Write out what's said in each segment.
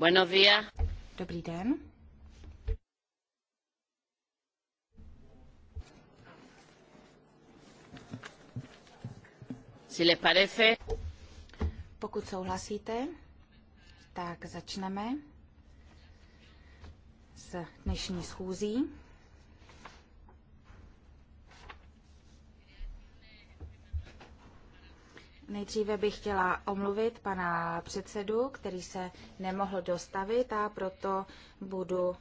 Buenos días. Dobrý den. Si les parece. Pokud souhlasíte, tak začneme s dnešní schůzí. Nejdříve bych chtěla omluvit pana předsedu, který se nemohl dostavit a proto budu e,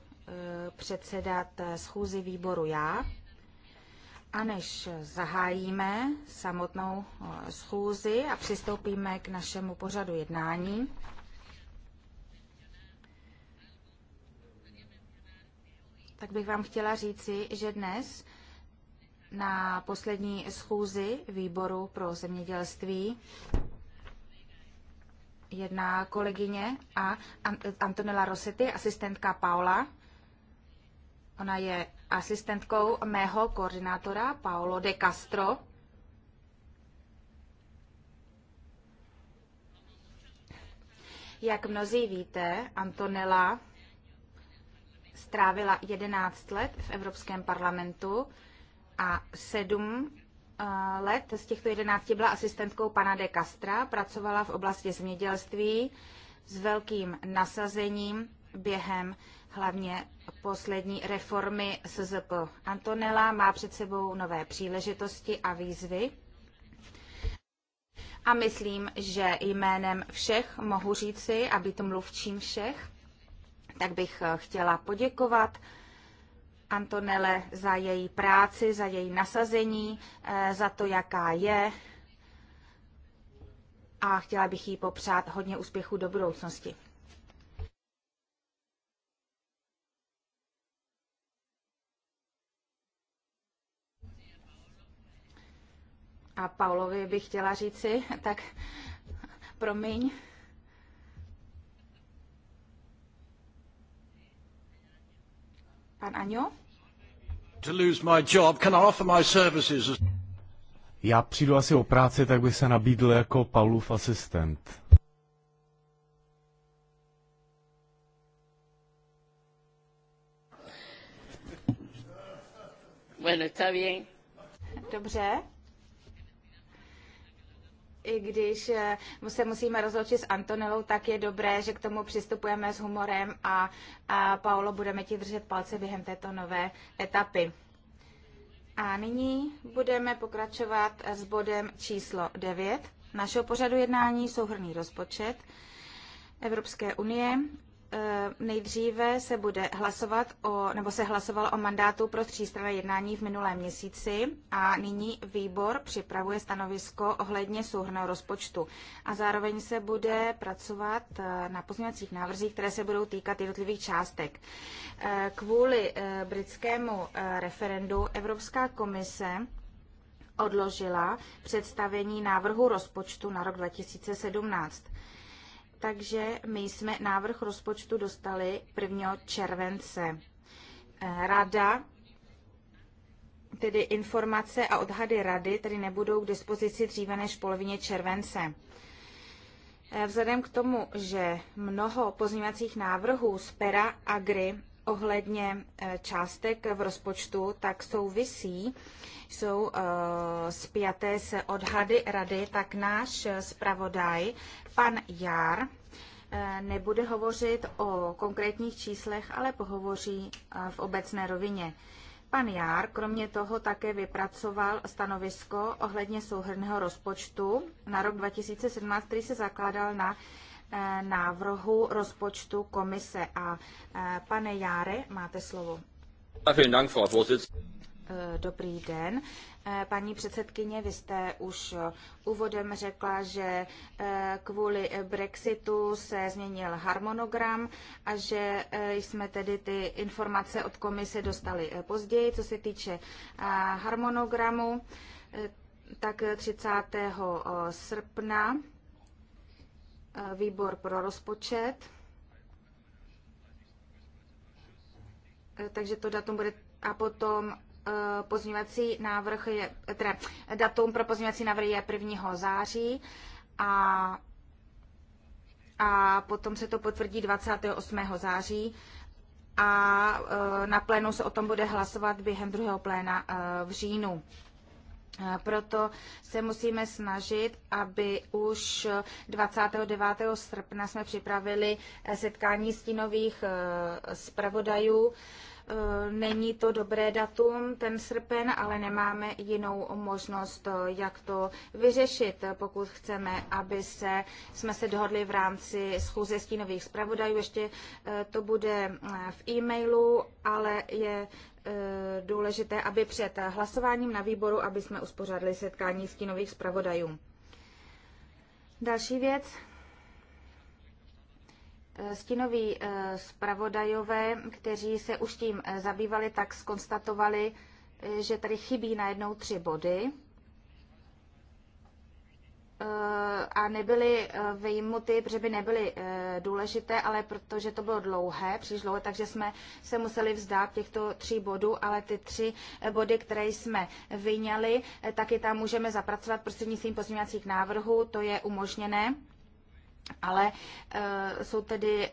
předsedat e, schůzi výboru já. A než zahájíme samotnou e, schůzi a přistoupíme k našemu pořadu jednání, tak bych vám chtěla říci, že dnes na poslední schůzi výboru pro zemědělství jedna kolegyně a Antonella Rosetti, asistentka Paula. Ona je asistentkou mého koordinátora Paolo de Castro. Jak mnozí víte, Antonella strávila 11 let v Evropském parlamentu a sedm eh, let z těchto jedenácti byla asistentkou pana de Castra, pracovala v oblasti zemědělství s velkým nasazením během hlavně poslední reformy SZP. Antonella má před sebou nové příležitosti a výzvy. A myslím, že jménem všech mohu říci, aby to mluvčím všech, tak bych eh, chtěla poděkovat Antonele za její práci, za její nasazení, eh, za to, jaká je. A chtěla bych jí popřát hodně úspěchu do budoucnosti. A Paulovi bych chtěla říci, tak promiň. Pan Aňo? To lose my job, can I offer my services? Já přijdu asi o práci, tak bych se nabídl jako Paulův asistent. Bueno, está bien. Dobře i když eh, se musíme rozloučit s Antonelou, tak je dobré, že k tomu přistupujeme s humorem a, a Paolo, budeme ti držet palce během této nové etapy. A nyní budeme pokračovat s bodem číslo 9 našeho pořadu jednání, souhrný rozpočet Evropské unie Eh, nejdříve se bude hlasovat o, nebo se hlasovalo o mandátu pro třístranné jednání v minulém měsíci a nyní výbor připravuje stanovisko ohledně souhrnného rozpočtu. A zároveň se bude pracovat eh, na pozměňovacích návrzích, které se budou týkat jednotlivých částek. Eh, kvůli britskému referendu Evropská komise odložila představení návrhu rozpočtu na rok 2017 takže my jsme návrh rozpočtu dostali 1. července. Eh, rada, tedy informace a odhady rady, tedy nebudou k dispozici dříve než polovině července. Eh, vzhledem k tomu, že mnoho pozměňovacích návrhů z pera Agri ohledně eh, částek v rozpočtu, tak souvisí, jsou eh, spjaté se odhady rady, tak náš eh, zpravodaj, pan Jár, nebude hovořit o konkrétních číslech, ale pohovoří v obecné rovině. Pan Jár kromě toho také vypracoval stanovisko ohledně souhrného rozpočtu na rok 2017, který se zakládal na Eh, návrhu rozpočtu komise. A eh, pane Járe, máte slovo. Eh, dobrý den. Paní předsedkyně, vy jste už úvodem řekla, že kvůli Brexitu se změnil harmonogram a že jsme tedy ty informace od komise dostali později. Co se týče harmonogramu, tak 30. srpna výbor pro rozpočet. Eh, takže to datum bude a potom eh, pozměňovací návrh je, eh, teda datum pro pozměňovací návrh je 1. září a, a potom se to potvrdí 28. září a na plénu se o tom bude hlasovat během druhého pléna v říjnu. Proto se musíme snažit, aby už 29. srpna jsme připravili eh, setkání stínových eh, zpravodajů. Eh, není to dobré datum, ten srpen, ale nemáme jinou možnost, jak to vyřešit, pokud chceme, aby se, jsme se dohodli v rámci schůze stínových zpravodajů. Ještě to bude v e-mailu, ale je Eh, důležité, aby před hlasováním na výboru, aby jsme uspořádali setkání stínových zpravodajů. Další věc. Eh, stínoví eh, zpravodajové, kteří se už tím zabývali, tak skonstatovali, že tady chybí najednou tři body. Eh, a nebyly eh, vyjmuty, protože by nebyly eh, důležité, ale protože to bylo dlouhé, příliš dlouhé, takže jsme se museli vzdát těchto tří bodů, ale ty tři body, které jsme vyňali, taky tam můžeme zapracovat prostřednictvím pozměňovacích návrhů, to je umožněné ale e, jsou tedy e,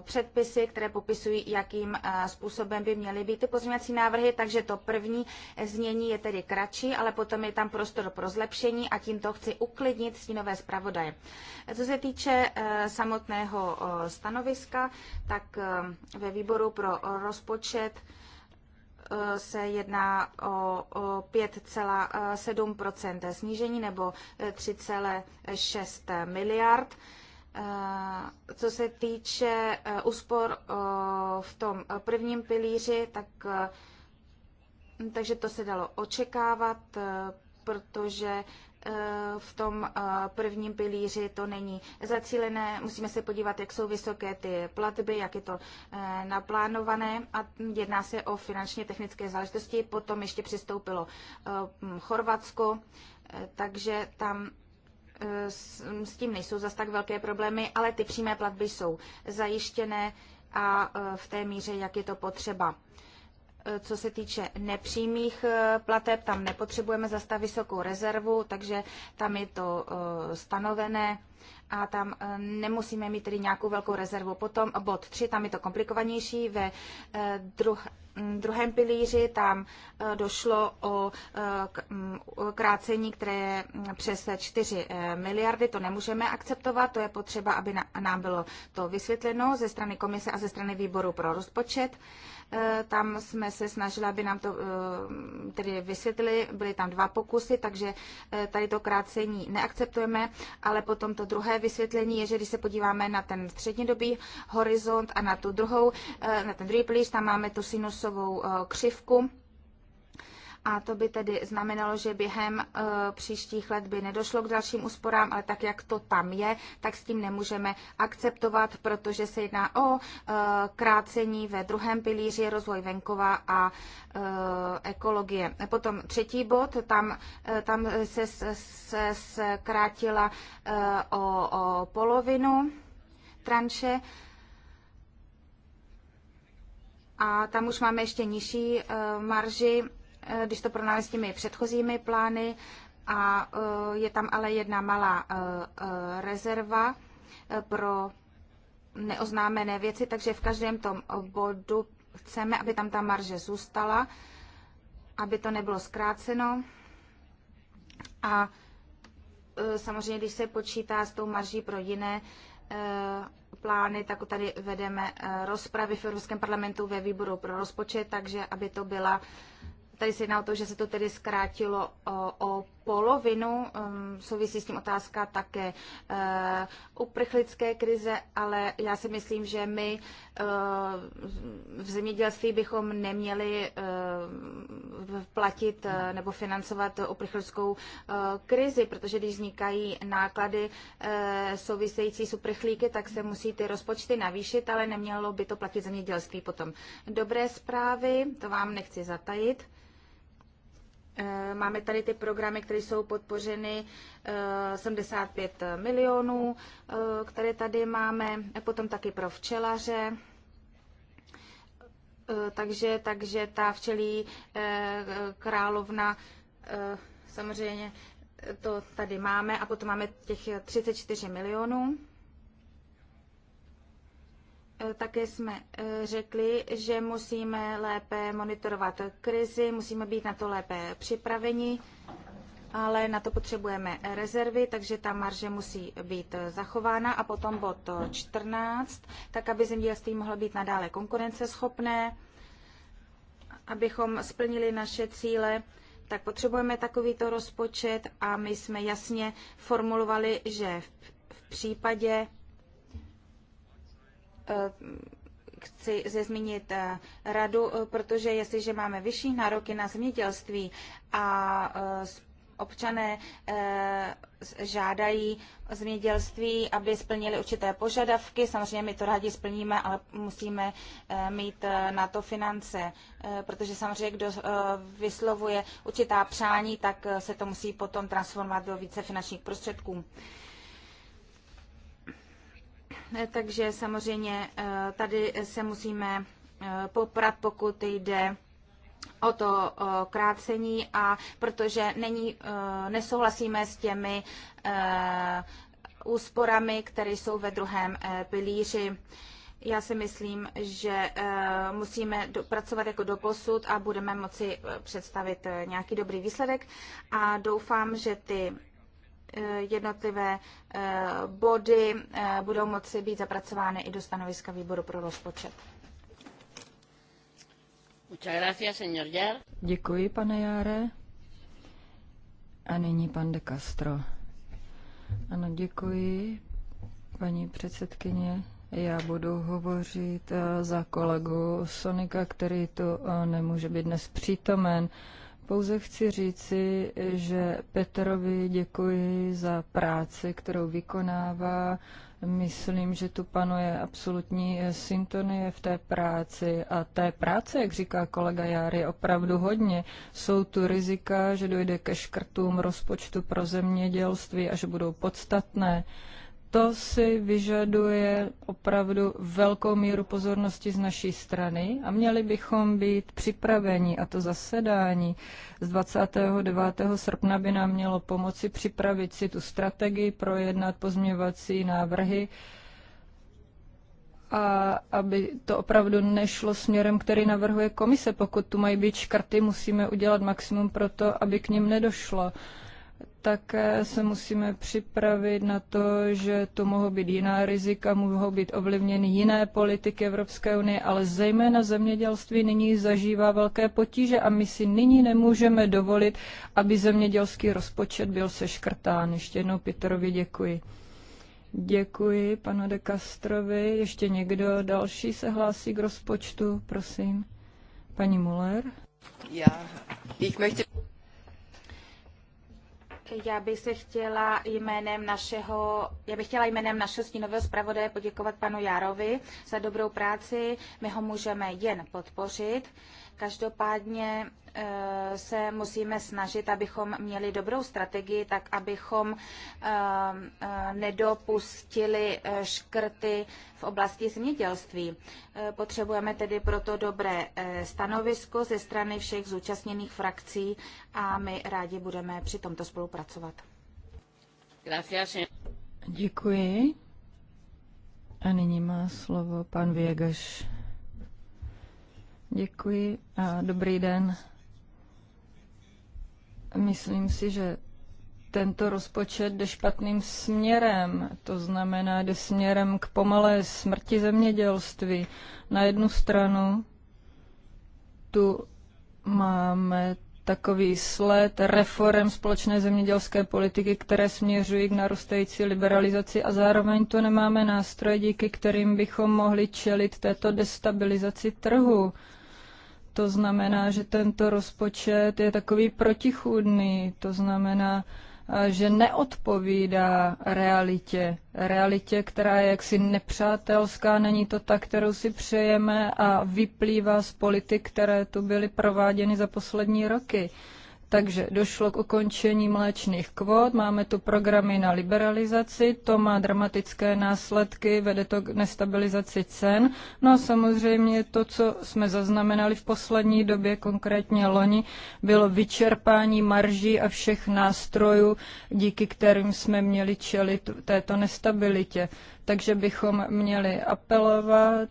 předpisy, které popisují, jakým e, způsobem by měly být ty pozměňovací návrhy, takže to první znění je tedy kratší, ale potom je tam prostor pro zlepšení a tímto chci uklidnit stínové zpravodaje. Co se týče samotného stanoviska, tak ve výboru pro rozpočet Eh, se jedná o 5,7 snížení nebo 3,6 eh, miliard. Eh, co se týče úspor v tom prvním pilíři, tak, takže to se dalo očekávat, protože v tom eh, prvním pilíři to není zacílené. Musíme se podívat, jak jsou vysoké ty platby, jak je to eh, naplánované a jedná se o finančně technické záležitosti. Potom ještě přistoupilo eh, Chorvatsko, takže tam s tím nejsou zas tak velké problémy, ale ty přímé platby jsou zajištěné a v té míře, jak je to potřeba. Eh, co se týče nepřímých eh, plateb, tam nepotřebujeme zase tak vysokou rezervu, takže tam je to eh, stanovené a tam nemusíme mít tedy nějakou velkou rezervu. Potom bod 3, tam je to komplikovanější, ve druh, mm, druhém pilíři tam došlo mm, o krácení, které je mm, přes 4 miliardy, to nemůžeme akceptovat, to je potřeba, aby nám bylo to vysvětleno ze strany komise a ze strany výboru pro rozpočet. Eh, tam jsme se snažili, aby nám to eh, tedy vysvětlili. Byly tam dva pokusy, takže eh, tady to krácení neakceptujeme, ale potom to druhé vysvětlení je, že když se podíváme na ten střednědobý horizont a na tu druhou, na ten druhý pilíř, tam máme tu sinusovou křivku, a to by tedy znamenalo, že během eh, příštích let by nedošlo k dalším úsporám, ale tak, jak to tam je, tak s tím nemůžeme akceptovat, protože se jedná o eh, krácení ve druhém pilíři rozvoj venkova a eh, ekologie. Potom třetí bod, tam, tam se, se zkrátila o, o polovinu tranše a tam už máme ještě nižší marži Eh, když to porovnáme s těmi předchozími plány, a eh, je tam ale jedna malá eh, rezerva pro neoznámené věci, takže v každém tom bodu chceme, aby tam ta marže zůstala, aby to nebylo zkráceno. A samozřejmě, když se počítá s tou marží pro jiné plány, tak tady vedeme rozpravy v Evropském parlamentu ve výboru pro rozpočet, takže aby to byla Tady se jedná o to, že se to tedy zkrátilo o, o polovinu. Um, souvisí s tím otázka také uh, uprchlické krize, ale já si myslím, že my uh, v zemědělství bychom neměli uh, platit nebo financovat uprchlickou krizi, protože když vznikají náklady související s uprchlíky, tak se musí ty rozpočty navýšit, ale nemělo by to platit zemědělství potom. Dobré zprávy, to vám nechci zatajit. Eh, máme tady ty programy, které jsou podpořeny 75 eh, milionů, eh, které tady máme, potom taky pro včelaře. Takže, takže ta včelí královna samozřejmě to tady máme a potom máme těch 34 milionů. Eh, také jsme eh, řekli, že musíme lépe monitorovat krizi, musíme být na to lépe připraveni, ale na to potřebujeme rezervy, takže ta marže musí být eh, zachována. A potom bod 14, tak aby zemědělství mohlo být nadále konkurenceschopné, abychom splnili naše cíle tak potřebujeme takovýto rozpočet a my jsme jasně formulovali, že v, v případě Eh, chci zmínit eh, radu, eh, protože jestliže máme vyšší nároky na zemědělství a občané žádají zemědělství, aby splnili určité požadavky. Samozřejmě my to rádi splníme, ale musíme mít na to finance, protože samozřejmě kdo vyslovuje určitá přání, tak se to musí potom transformovat do více finančních prostředků. Eh, takže samozřejmě eh, tady se musíme eh, poprat, pokud jde o to krácení a protože není, nesouhlasíme s těmi úsporami, které jsou ve druhém pilíři. Já si myslím, že musíme pracovat jako doposud a budeme moci představit nějaký dobrý výsledek a doufám, že ty Eh, jednotlivé eh, body eh, budou moci být zapracovány i do stanoviska výboru pro rozpočet. Děkuji, pane Járe. A nyní pan de Castro. Ano, děkuji, paní předsedkyně. Já budu hovořit za kolegu Sonika, který tu nemůže být dnes přítomen. Pouze chci říci, že Petrovi děkuji za práci, kterou vykonává. Myslím, že tu panuje absolutní syntonie v té práci a té práce, jak říká kolega Jár, je opravdu hodně. Jsou tu rizika, že dojde ke škrtům rozpočtu pro zemědělství a že budou podstatné to si vyžaduje opravdu velkou míru pozornosti z naší strany a měli bychom být připraveni a to zasedání z 29. srpna by nám mělo pomoci připravit si tu strategii, projednat pozměvací návrhy a aby to opravdu nešlo směrem, který navrhuje komise. Pokud tu mají být škrty, musíme udělat maximum pro to, aby k ním nedošlo. Také se musíme připravit na to, že to mohou být jiná rizika, mohou být ovlivněny jiné politiky Evropské unie, ale zejména zemědělství nyní zažívá velké potíže a my si nyní nemůžeme dovolit, aby zemědělský rozpočet byl seškrtán. Ještě jednou Petrovi děkuji. Děkuji panu de Castrovi. Ještě někdo další se hlásí k rozpočtu, prosím. Paní Muller. Já, bych möchte... Já bych se chtěla jménem našeho, já bych chtěla jménem našeho stínového zpravodaje poděkovat panu Jarovi za dobrou práci. My ho můžeme jen podpořit. Každopádně eh, se musíme snažit, abychom měli dobrou strategii, tak abychom eh, eh, nedopustili škrty v oblasti zemědělství. Potřebujeme tedy proto dobré stanovisko ze strany všech zúčastněných frakcí a my rádi budeme při tomto spolupracovat. Děkuji. A nyní má slovo pan Věgaš Děkuji a dobrý den. Myslím si, že tento rozpočet jde špatným směrem, to znamená, jde směrem k pomalé smrti zemědělství. Na jednu stranu tu máme takový sled reform společné zemědělské politiky, které směřují k narůstající liberalizaci a zároveň tu nemáme nástroje, díky kterým bychom mohli čelit této destabilizaci trhu. To znamená, že tento rozpočet je takový protichůdný, to znamená, že neodpovídá realitě. Realitě, která je jaksi nepřátelská, není to ta, kterou si přejeme a vyplývá z politik, které tu byly prováděny za poslední roky. Takže došlo k ukončení mléčných kvót, máme tu programy na liberalizaci, to má dramatické následky, vede to k nestabilizaci cen. No a samozřejmě to, co jsme zaznamenali v poslední době, konkrétně loni, bylo vyčerpání marží a všech nástrojů, díky kterým jsme měli čelit této nestabilitě. Takže bychom měli apelovat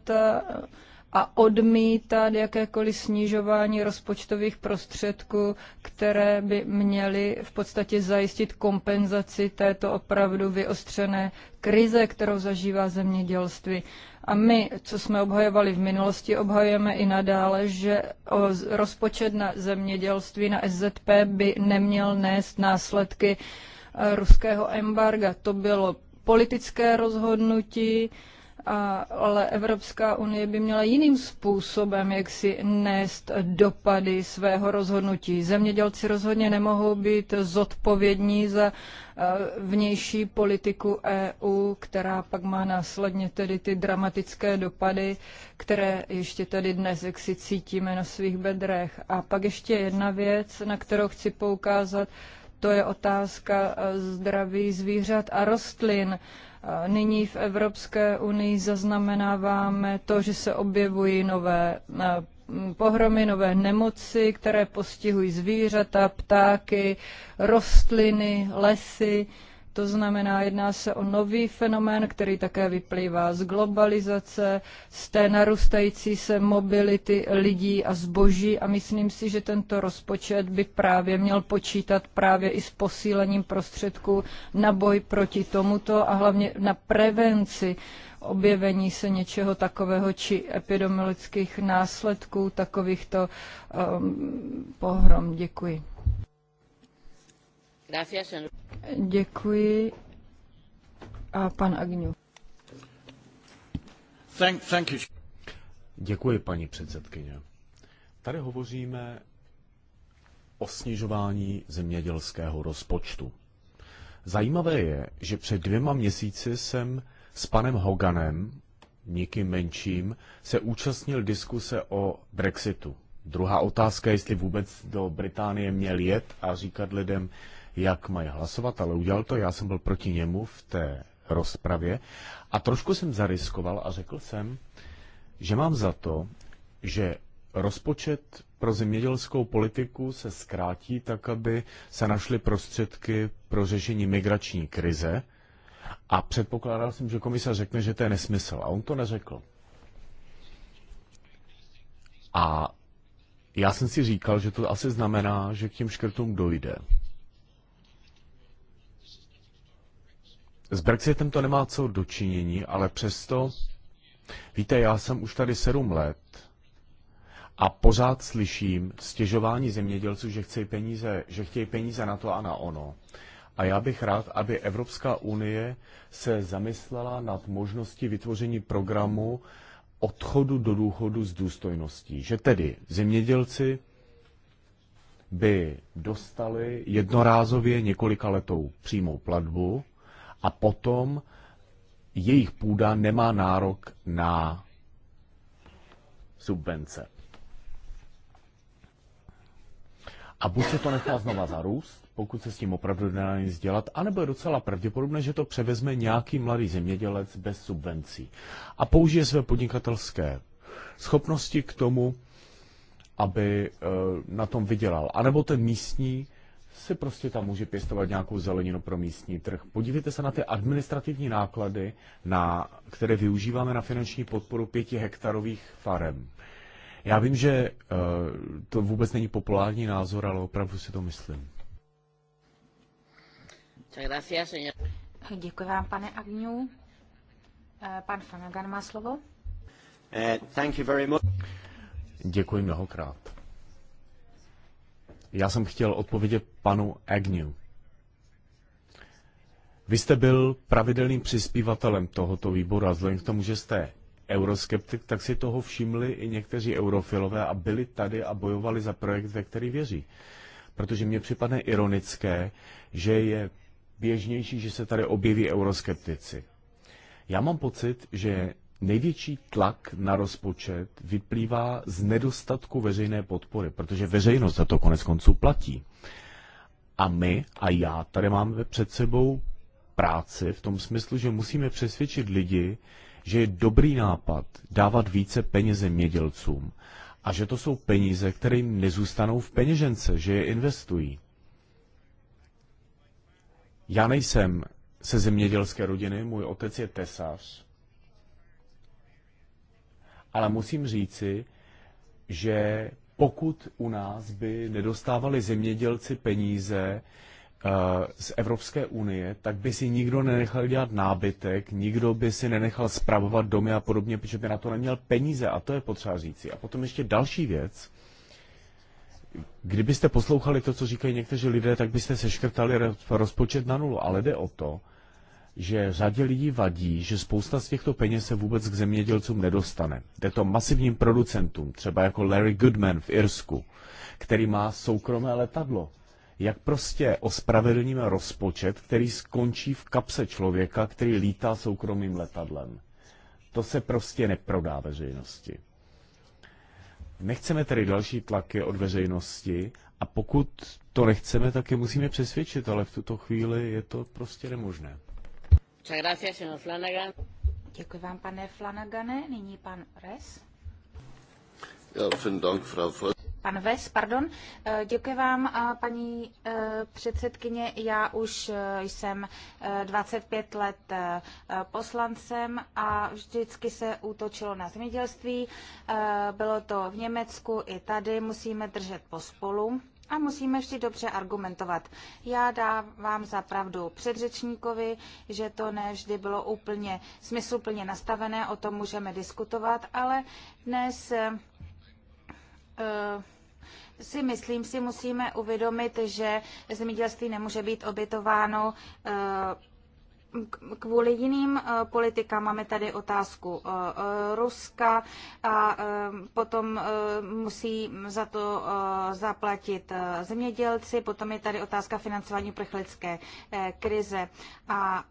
a odmítat jakékoliv snižování rozpočtových prostředků, které by měly v podstatě zajistit kompenzaci této opravdu vyostřené krize, kterou zažívá zemědělství. A my, co jsme obhajovali v minulosti, obhajujeme i nadále, že rozpočet na zemědělství, na SZP by neměl nést následky eh, ruského embarga. To bylo politické rozhodnutí, a, ale Evropská unie by měla jiným způsobem, jak si nést dopady svého rozhodnutí. Zemědělci rozhodně nemohou být zodpovědní za vnější politiku EU, která pak má následně tedy ty dramatické dopady, které ještě tady dnes jak si cítíme na svých bedrech. A pak ještě jedna věc, na kterou chci poukázat, to je otázka zdraví zvířat a rostlin. Nyní v Evropské unii zaznamenáváme to, že se objevují nové eh, pohromy, nové nemoci, které postihují zvířata, ptáky, rostliny, lesy. To znamená, jedná se o nový fenomén, který také vyplývá z globalizace, z té narůstající se mobility lidí a zboží a myslím si, že tento rozpočet by právě měl počítat právě i s posílením prostředků na boj proti tomuto a hlavně na prevenci objevení se něčeho takového či epidemiologických následků takovýchto um, pohrom. Děkuji. Děkuji. A pan Agňu. Thank, thank you. Děkuji, paní předsedkyně. Tady hovoříme o snižování zemědělského rozpočtu. Zajímavé je, že před dvěma měsíci jsem s panem Hoganem, nikým menším, se účastnil diskuse o Brexitu. Druhá otázka, jestli vůbec do Británie měl jet a říkat lidem, jak mají hlasovat, ale udělal to. Já jsem byl proti němu v té rozpravě a trošku jsem zariskoval a řekl jsem, že mám za to, že rozpočet pro zemědělskou politiku se zkrátí tak, aby se našly prostředky pro řešení migrační krize a předpokládal jsem, že komisař řekne, že to je nesmysl a on to neřekl. A já jsem si říkal, že to asi znamená, že k těm škrtům dojde. S Brexitem to nemá co dočinění, ale přesto, víte, já jsem už tady sedm let a pořád slyším stěžování zemědělců, že chtějí peníze, že chtějí peníze na to a na ono. A já bych rád, aby Evropská unie se zamyslela nad možností vytvoření programu odchodu do důchodu s důstojností. Že tedy zemědělci by dostali jednorázově několika letou přímou platbu a potom jejich půda nemá nárok na subvence. A buď se to nechá znova zarůst, pokud se s tím opravdu nedá nic dělat, anebo je docela pravděpodobné, že to převezme nějaký mladý zemědělec bez subvencí a použije své podnikatelské schopnosti k tomu, aby eh, na tom vydělal. A nebo ten místní si prostě tam může pěstovat nějakou zeleninu pro místní trh. Podívejte se na ty administrativní náklady, na, které využíváme na finanční podporu pěti hektarových farem. Já vím, že uh, to vůbec není populární názor, ale opravdu si to myslím. Děkuji vám, pane Agňu. Eh, pan Fanagan má slovo. Eh, thank you very much. Děkuji mnohokrát. Já jsem chtěl odpovědět panu Agnew. Vy jste byl pravidelným přispívatelem tohoto výboru a vzhledem k tomu, že jste euroskeptik, tak si toho všimli i někteří eurofilové a byli tady a bojovali za projekt, ve který věří. Protože mně připadne ironické, že je běžnější, že se tady objeví euroskeptici. Já mám pocit, že Největší tlak na rozpočet vyplývá z nedostatku veřejné podpory, protože veřejnost za to konec konců platí. A my a já tady máme před sebou práci v tom smyslu, že musíme přesvědčit lidi, že je dobrý nápad dávat více peněz zemědělcům a že to jsou peníze, které jim nezůstanou v peněžence, že je investují. Já nejsem se zemědělské rodiny, můj otec je tesař, ale musím říci, že pokud u nás by nedostávali zemědělci peníze eh, z Evropské unie, tak by si nikdo nenechal dělat nábytek, nikdo by si nenechal zpravovat domy a podobně, protože by na to neměl peníze a to je potřeba říci. A potom ještě další věc. Kdybyste poslouchali to, co říkají někteří lidé, tak byste seškrtali rozpočet na nulu, ale jde o to, že řadě lidí vadí, že spousta z těchto peněz se vůbec k zemědělcům nedostane. Jde to masivním producentům, třeba jako Larry Goodman v Irsku, který má soukromé letadlo. Jak prostě ospravedlníme rozpočet, který skončí v kapse člověka, který lítá soukromým letadlem? To se prostě neprodá veřejnosti. Nechceme tedy další tlaky od veřejnosti a pokud to nechceme, tak je musíme přesvědčit, ale v tuto chvíli je to prostě nemožné. Děkuji vám, pane Flanagane. Nyní pan Res. Pan Ves, pardon. Eh, děkuji vám, eh, paní eh, předsedkyně. Já už jsem 25 let poslancem a vždycky se útočilo na zemědělství. Bylo to v Německu i tady. Musíme držet pospolu a musíme vždy dobře argumentovat. Já dávám za pravdu předřečníkovi, že to ne vždy bylo úplně smysluplně nastavené, o tom můžeme diskutovat, ale dnes uh, si myslím, si musíme uvědomit, že zemědělství nemůže být obětováno uh, kvůli jiným eh, politikám máme tady otázku eh, Ruska a eh, potom musí za to zaplatit zemědělci, potom je tady otázka financování prchlické krize a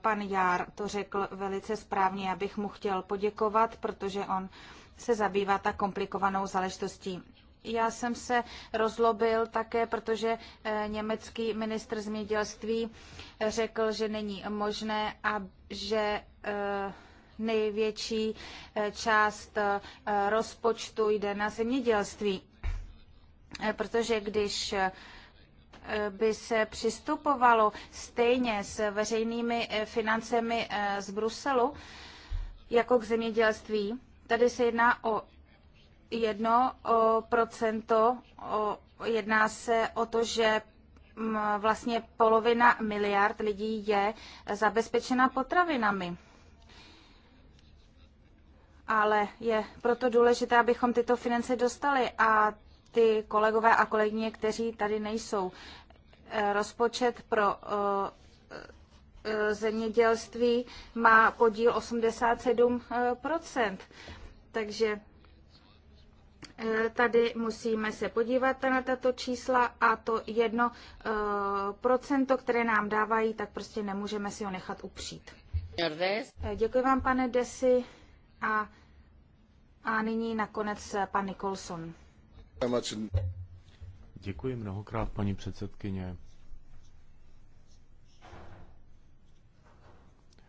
pan Jár to řekl velice správně, já bych mu chtěl poděkovat, protože on se zabývá tak komplikovanou záležitostí. Já jsem se rozlobil také, protože eh, německý ministr zemědělství eh, řekl, že není možné a že eh, největší část rozpočtu jde na zemědělství. Protože když by se přistupovalo stejně s veřejnými financemi z Bruselu jako k zemědělství, tady se jedná o Jedno o, jedná se o to, že mm, vlastně polovina miliard lidí je zabezpečena potravinami. Ale je proto důležité, abychom tyto finance dostali a ty kolegové a kolegyně, kteří tady nejsou. E, rozpočet pro e, e, zemědělství má podíl 87%. Takže Eh, tady musíme se podívat na tato čísla a to jedno eh, procento, které nám dávají, tak prostě nemůžeme si ho nechat upřít. Eh, děkuji vám, pane Desi. A, a nyní nakonec pan Nicholson. Děkuji mnohokrát, paní předsedkyně.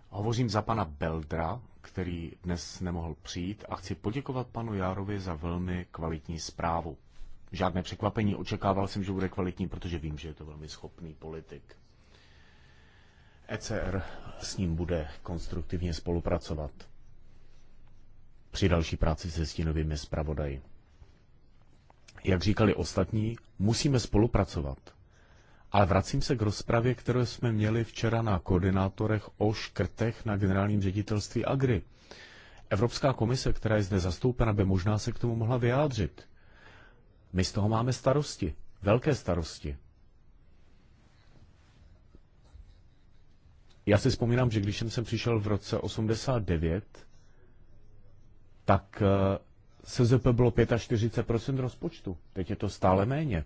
Hovořím za pana Beldra, který dnes nemohl přijít a chci poděkovat panu Járovi za velmi kvalitní zprávu. Žádné překvapení, očekával jsem, že bude kvalitní, protože vím, že je to velmi schopný politik. ECR s ním bude konstruktivně spolupracovat při další práci se stínovými zpravodaji. Jak říkali ostatní, musíme spolupracovat. Ale vracím se k rozpravě, kterou jsme měli včera na koordinátorech o škrtech na generálním ředitelství Agri. Evropská komise, která je zde zastoupena, by možná se k tomu mohla vyjádřit. My z toho máme starosti, velké starosti. Já si vzpomínám, že když jsem přišel v roce 89, tak eh, SZP bylo 45% rozpočtu. Teď je to stále méně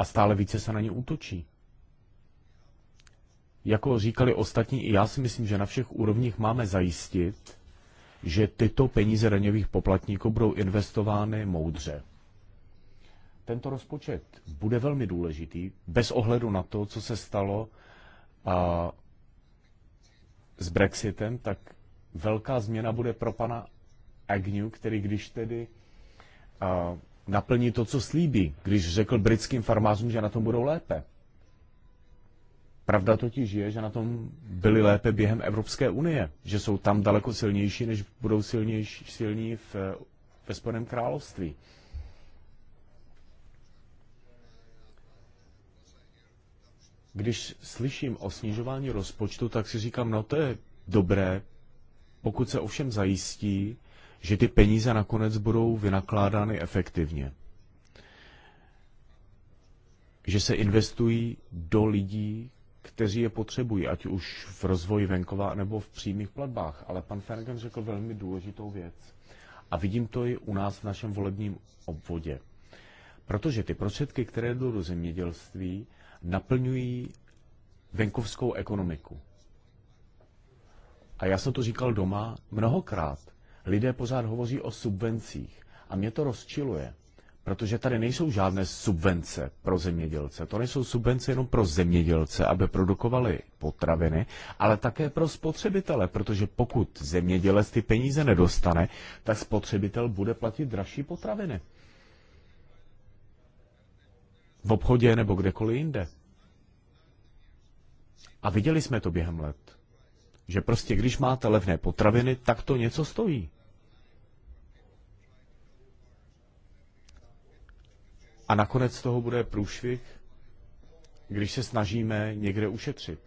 a stále více se na ně útočí. Jako říkali ostatní, i já si myslím, že na všech úrovních máme zajistit, že tyto peníze daňových poplatníků budou investovány moudře. Tento rozpočet bude velmi důležitý, bez ohledu na to, co se stalo a, s Brexitem, tak velká změna bude pro pana Agnew, který když tedy a, naplní to, co slíbí, když řekl britským farmářům, že na tom budou lépe. Pravda totiž je, že na tom byli lépe během Evropské unie, že jsou tam daleko silnější, než budou silnější, silní v, ve Spojeném království. Když slyším o snižování rozpočtu, tak si říkám, no to je dobré, pokud se ovšem zajistí, že ty peníze nakonec budou vynakládány efektivně. Že se investují do lidí, kteří je potřebují, ať už v rozvoji venkova nebo v přímých platbách. Ale pan Fergen řekl velmi důležitou věc. A vidím to i u nás v našem volebním obvodě. Protože ty prostředky, které jdou do zemědělství, naplňují venkovskou ekonomiku. A já jsem to říkal doma mnohokrát lidé pořád hovoří o subvencích. A mě to rozčiluje, protože tady nejsou žádné subvence pro zemědělce. To nejsou subvence jenom pro zemědělce, aby produkovali potraviny, ale také pro spotřebitele, protože pokud zemědělec ty peníze nedostane, tak spotřebitel bude platit dražší potraviny. V obchodě nebo kdekoliv jinde. A viděli jsme to během let. Že prostě když máte levné potraviny, tak to něco stojí. A nakonec z toho bude průšvih, když se snažíme někde ušetřit.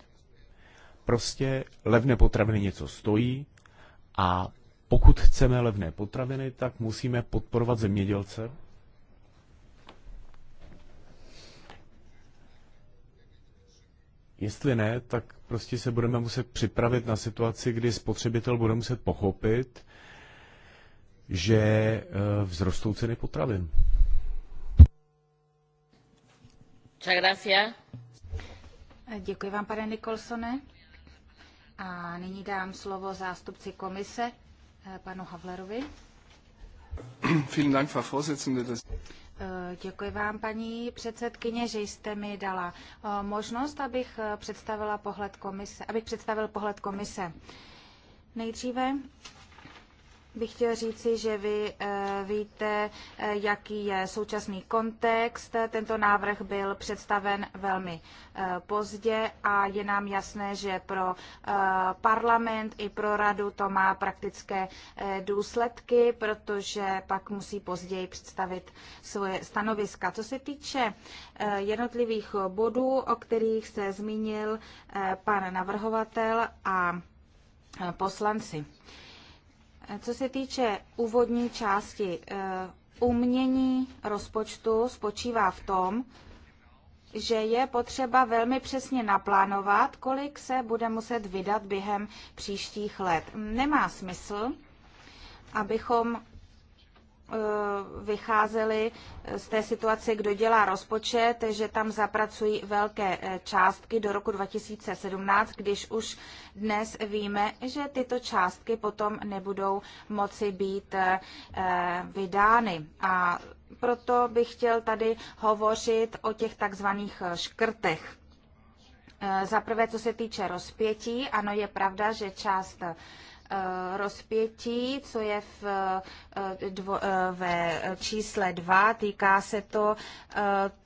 Prostě levné potraviny něco stojí a pokud chceme levné potraviny, tak musíme podporovat zemědělce Jestli ne, tak prostě se budeme muset připravit na situaci, kdy spotřebitel bude muset pochopit, že eh, vzrostou ceny potravin. Eh, děkuji vám, pane Nikolsone. A nyní dám slovo zástupci komise, eh, panu Havlerovi. Eh, děkuji vám, paní předsedkyně, že jste mi dala eh, možnost, abych eh, představila pohled komise, abych představil pohled komise. Nejdříve bych chtěl říci, že vy eh, víte, eh, jaký je současný kontext. Tento návrh byl představen velmi eh, pozdě a je nám jasné, že pro parlament i pro radu to má praktické důsledky, protože pak musí později představit svoje stanoviska. Co se týče jednotlivých bodů, o kterých se zmínil pan navrhovatel a poslanci. Co se týče úvodní části, eh, umění rozpočtu spočívá v tom, že je potřeba velmi přesně naplánovat, kolik se bude muset vydat během příštích let. Nemá smysl, abychom Eh, vycházeli z té situace, kdo dělá rozpočet, že tam zapracují velké eh, částky do roku 2017, když už dnes víme, že tyto částky potom nebudou moci být eh, vydány. A proto bych chtěl tady hovořit o těch takzvaných škrtech. Za prvé, co se týče rozpětí, ano, je pravda, že část Eh, rozpětí, co je v, eh, dvo, eh, ve čísle 2. Týká se to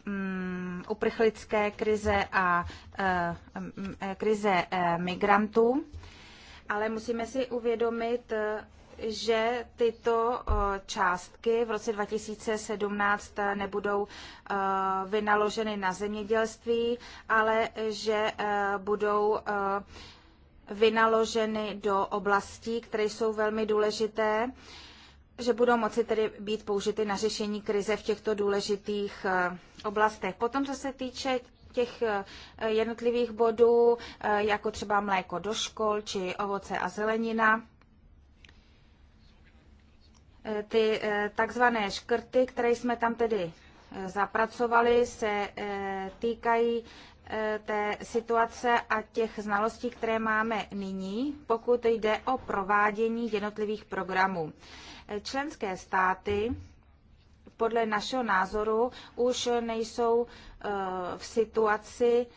mm, uprchlické krize a mm, krize migrantů. Ale musíme si uvědomit, že tyto částky v roce 2017 nebudou vynaloženy na zemědělství, ale že budou vynaloženy do oblastí, které jsou velmi důležité, že budou moci tedy být použity na řešení krize v těchto důležitých eh, oblastech. Potom, co se týče těch eh, jednotlivých bodů, eh, jako třeba mléko do škol či ovoce a zelenina, ty takzvané škrty, které jsme tam tedy zapracovali, se týkají Eh, té situace a těch znalostí, které máme nyní, pokud jde o provádění jednotlivých programů. Eh, členské státy podle našeho názoru už nejsou eh, v situaci,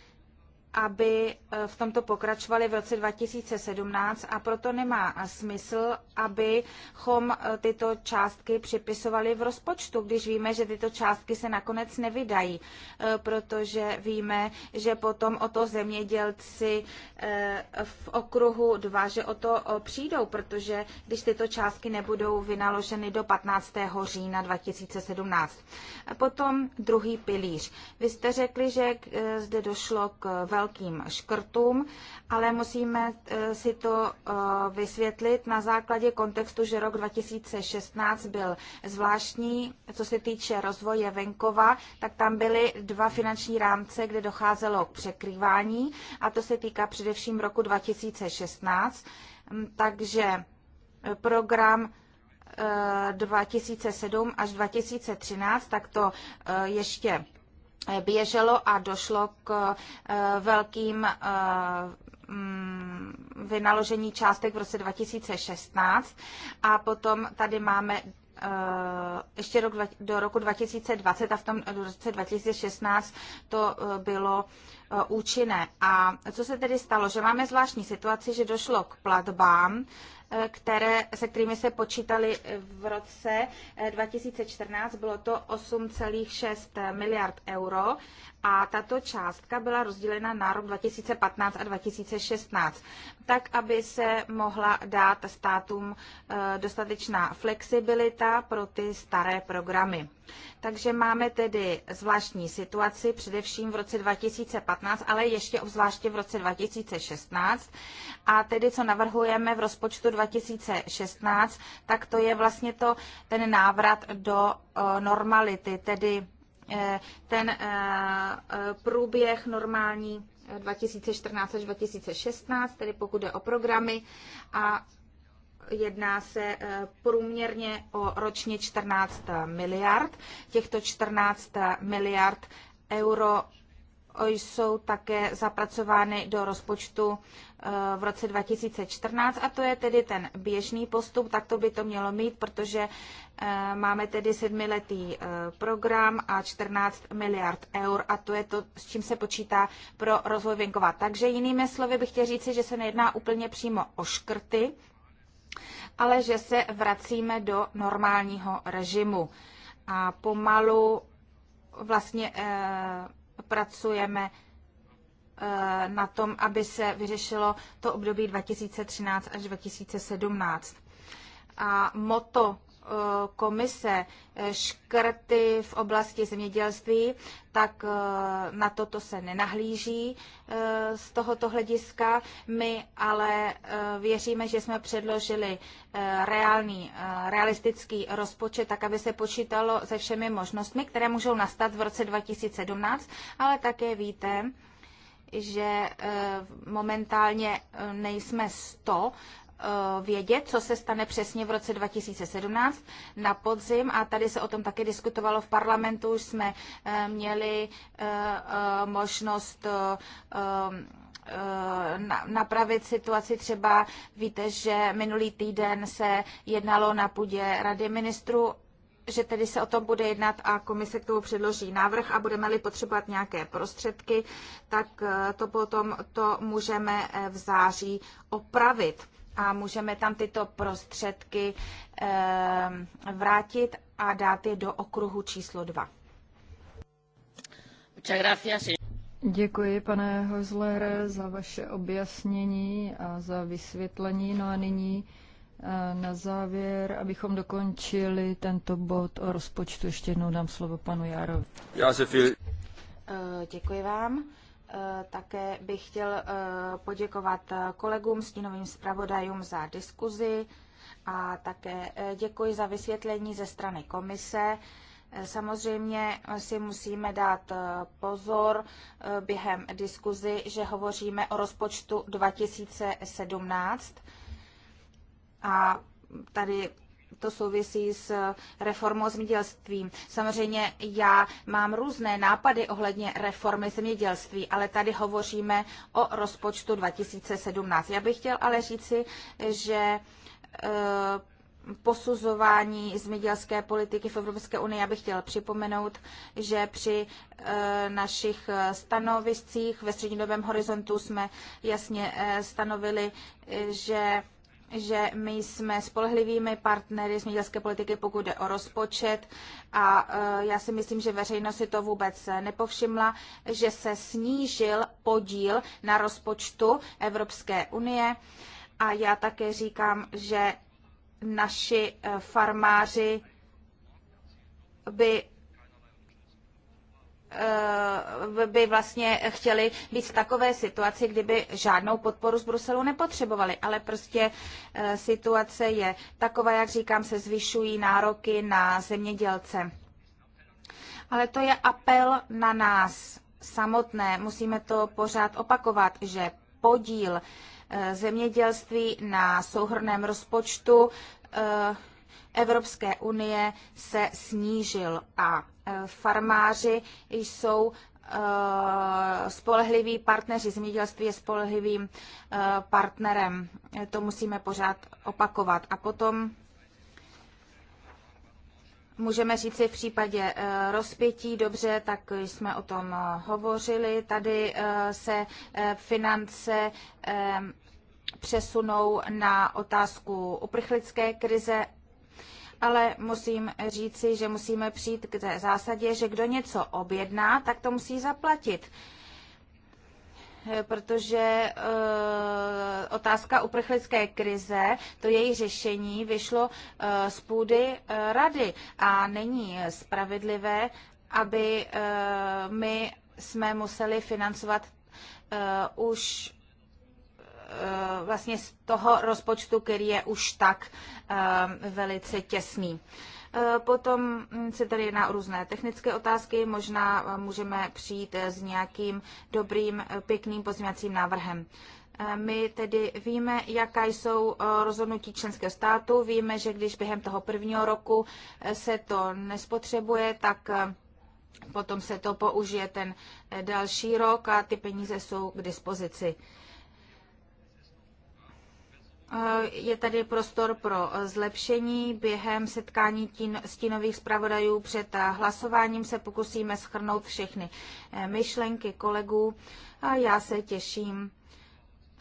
aby eh, v tomto pokračovali v roce 2017 a proto nemá eh, smysl, abychom eh, tyto částky připisovali v rozpočtu, když víme, že tyto částky se nakonec nevydají, protože víme, že potom o to zemědělci v okruhu 2, že o to přijdou, protože když tyto částky nebudou vynaloženy do 15. října 2017. A potom druhý pilíř. Vy jste řekli, že zde došlo k velkému velkým škrtům, ale musíme eh, si to eh, vysvětlit na základě kontextu, že rok 2016 byl zvláštní, co se týče rozvoje venkova, tak tam byly dva finanční rámce, kde docházelo k překrývání a to se týká především roku 2016. Mm, takže eh, program 2007 až 2013, tak to ještě běželo a došlo k eh, velkým eh, mm, vynaložení částek v roce 2016 a potom tady máme eh, ještě rok, do roku 2020 a v tom roce 2016 to bylo účinné. A co se tedy stalo? Že máme zvláštní situaci, že došlo k platbám Eh, které, se kterými se počítali v roce 2014, eh, bylo to 8,6 miliard euro a tato částka byla rozdělena na rok 2015 a 2016, tak aby se mohla dát státům eh, dostatečná flexibilita pro ty staré programy. Takže máme tedy zvláštní situaci, především v roce 2015, ale ještě obzvláště v roce 2016. A tedy, co navrhujeme v rozpočtu 2016, tak to je vlastně to, ten návrat do e, normality, tedy e, ten e, průběh normální 2014 až 2016, tedy pokud jde o programy a Jedná se eh, průměrně o ročně 14 miliard. Těchto 14 miliard euro eh, jsou také zapracovány do rozpočtu eh, v roce 2014 a to je tedy ten běžný postup, tak to by to mělo mít, protože máme tedy sedmiletý program a 14 miliard eur a to je to, s čím se počítá pro rozvoj venkova. Takže jinými slovy bych chtěl říci, že se nejedná úplně přímo o škrty, ale že se vracíme do normálního režimu. A pomalu vlastně eh, pracujeme eh, na tom, aby se vyřešilo to období 2013 až 2017. A moto komise škrty v oblasti zemědělství, tak eh, na toto se nenahlíží eh, z tohoto hlediska. My ale eh, věříme, že jsme předložili reálný, realistický rozpočet, tak aby se počítalo se všemi možnostmi, které můžou nastat v roce 2017, ale také víte, že momentálně nejsme 100 Eh, vědět, co se stane přesně v roce 2017 na podzim a tady se o tom také diskutovalo v parlamentu, už jsme eh, měli eh, možnost napravit situaci. Třeba víte, že minulý týden se jednalo na půdě Rady ministrů že tedy se o tom bude jednat a komise k tomu předloží návrh a budeme-li potřebovat nějaké prostředky, tak to potom to můžeme v září opravit a můžeme tam tyto prostředky ehm, vrátit a dát je do okruhu číslo 2. Děkuji, pane Hozler, za vaše objasnění a za vysvětlení. No a nyní eh, na závěr, abychom dokončili tento bod o rozpočtu, ještě jednou dám slovo panu Járovi. Já se fil. Eh, děkuji vám. Eh, také bych chtěl eh, poděkovat kolegům, stínovým zpravodajům za diskuzi a také eh, děkuji za vysvětlení ze strany komise. Samozřejmě si musíme dát pozor během diskuzi, že hovoříme o rozpočtu 2017 a tady to souvisí s eh, reformou zemědělství. Samozřejmě já mám různé nápady ohledně reformy zemědělství, ale tady hovoříme o rozpočtu 2017. Já bych chtěl ale říci, že eh, posuzování zemědělské politiky v Evropské unii, já bych chtěl připomenout, že při eh, našich stanoviscích ve střednědobém horizontu jsme jasně stanovili, že že my jsme spolehlivými partnery zemědělské politiky, pokud jde o rozpočet. A e, já si myslím, že veřejnost si to vůbec nepovšimla, že se snížil podíl na rozpočtu Evropské unie. A já také říkám, že naši e, farmáři by Eh, by vlastně chtěli být v takové situaci, kdyby žádnou podporu z Bruselu nepotřebovali. Ale prostě eh, situace je taková, jak říkám, se zvyšují nároky na zemědělce. Ale to je apel na nás samotné. Musíme to pořád opakovat, že podíl eh, zemědělství na souhrném rozpočtu Evropské unie se snížil a farmáři jsou eh, spolehliví partneři, zemědělství je spolehlivým eh, partnerem. To musíme pořád opakovat. A potom Můžeme říci v případě eh, rozpětí, dobře, tak jsme o tom hovořili. Tady se finance přesunou na otázku uprchlické krize ale musím říci, že musíme přijít k té zásadě, že kdo něco objedná, tak to musí zaplatit protože e, otázka uprchlické krize, to její řešení vyšlo e, z půdy e, rady a není spravedlivé, aby my jsme museli financovat už Eh, vlastně z toho rozpočtu, který je už tak eh, velice těsný. Eh, potom hm, se tady jedná o různé technické otázky, možná můžeme přijít s nějakým dobrým, pěkným pozměňovacím návrhem. My tedy víme, jaká jsou rozhodnutí členského státu, víme, že když během toho prvního roku se to nespotřebuje, tak potom se to použije ten další rok a ty peníze jsou k dispozici. Eh, je tady prostor pro eh, zlepšení. Během setkání stínových zpravodajů před eh, hlasováním se pokusíme schrnout všechny myšlenky kolegů a já se těším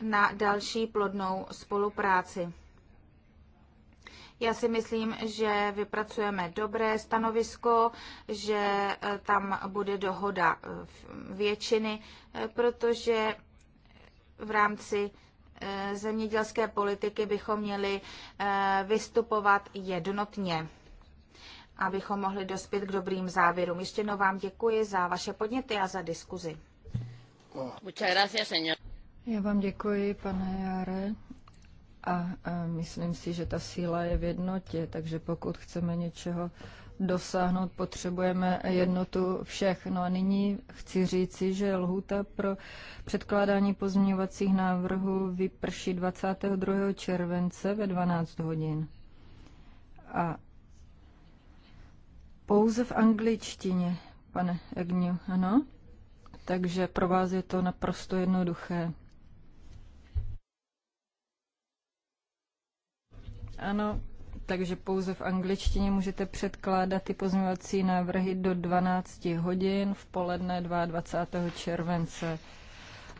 na další plodnou spolupráci. Já si myslím, že vypracujeme dobré stanovisko, že tam bude dohoda většiny, protože v rámci Eh, zemědělské politiky bychom měli eh, vystupovat jednotně abychom mohli dospět k dobrým závěrům. Ještě jednou vám děkuji za vaše podněty a za diskuzi. Já vám děkuji, pane Jare. A, a myslím si, že ta síla je v jednotě, takže pokud chceme něčeho dosáhnout, potřebujeme jednotu všech. No a nyní chci říci, že lhůta pro předkládání pozměňovacích návrhů vyprší 22. července ve 12 hodin. A pouze v angličtině, pane Egnu, ano? Takže pro vás je to naprosto jednoduché. Ano, takže pouze v angličtině můžete předkládat ty pozměňovací návrhy do 12 hodin v poledne 22. července.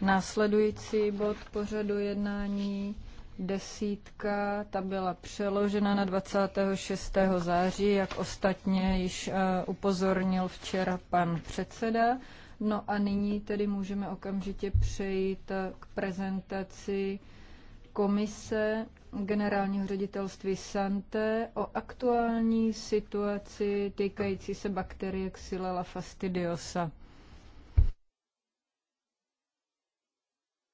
Následující bod pořadu jednání desítka, ta byla přeložena na 26. září, jak ostatně již eh, upozornil včera pan předseda. No a nyní tedy můžeme okamžitě přejít eh, k prezentaci komise generálního ředitelství Sante o aktuální situaci týkající se bakterie Xylella fastidiosa.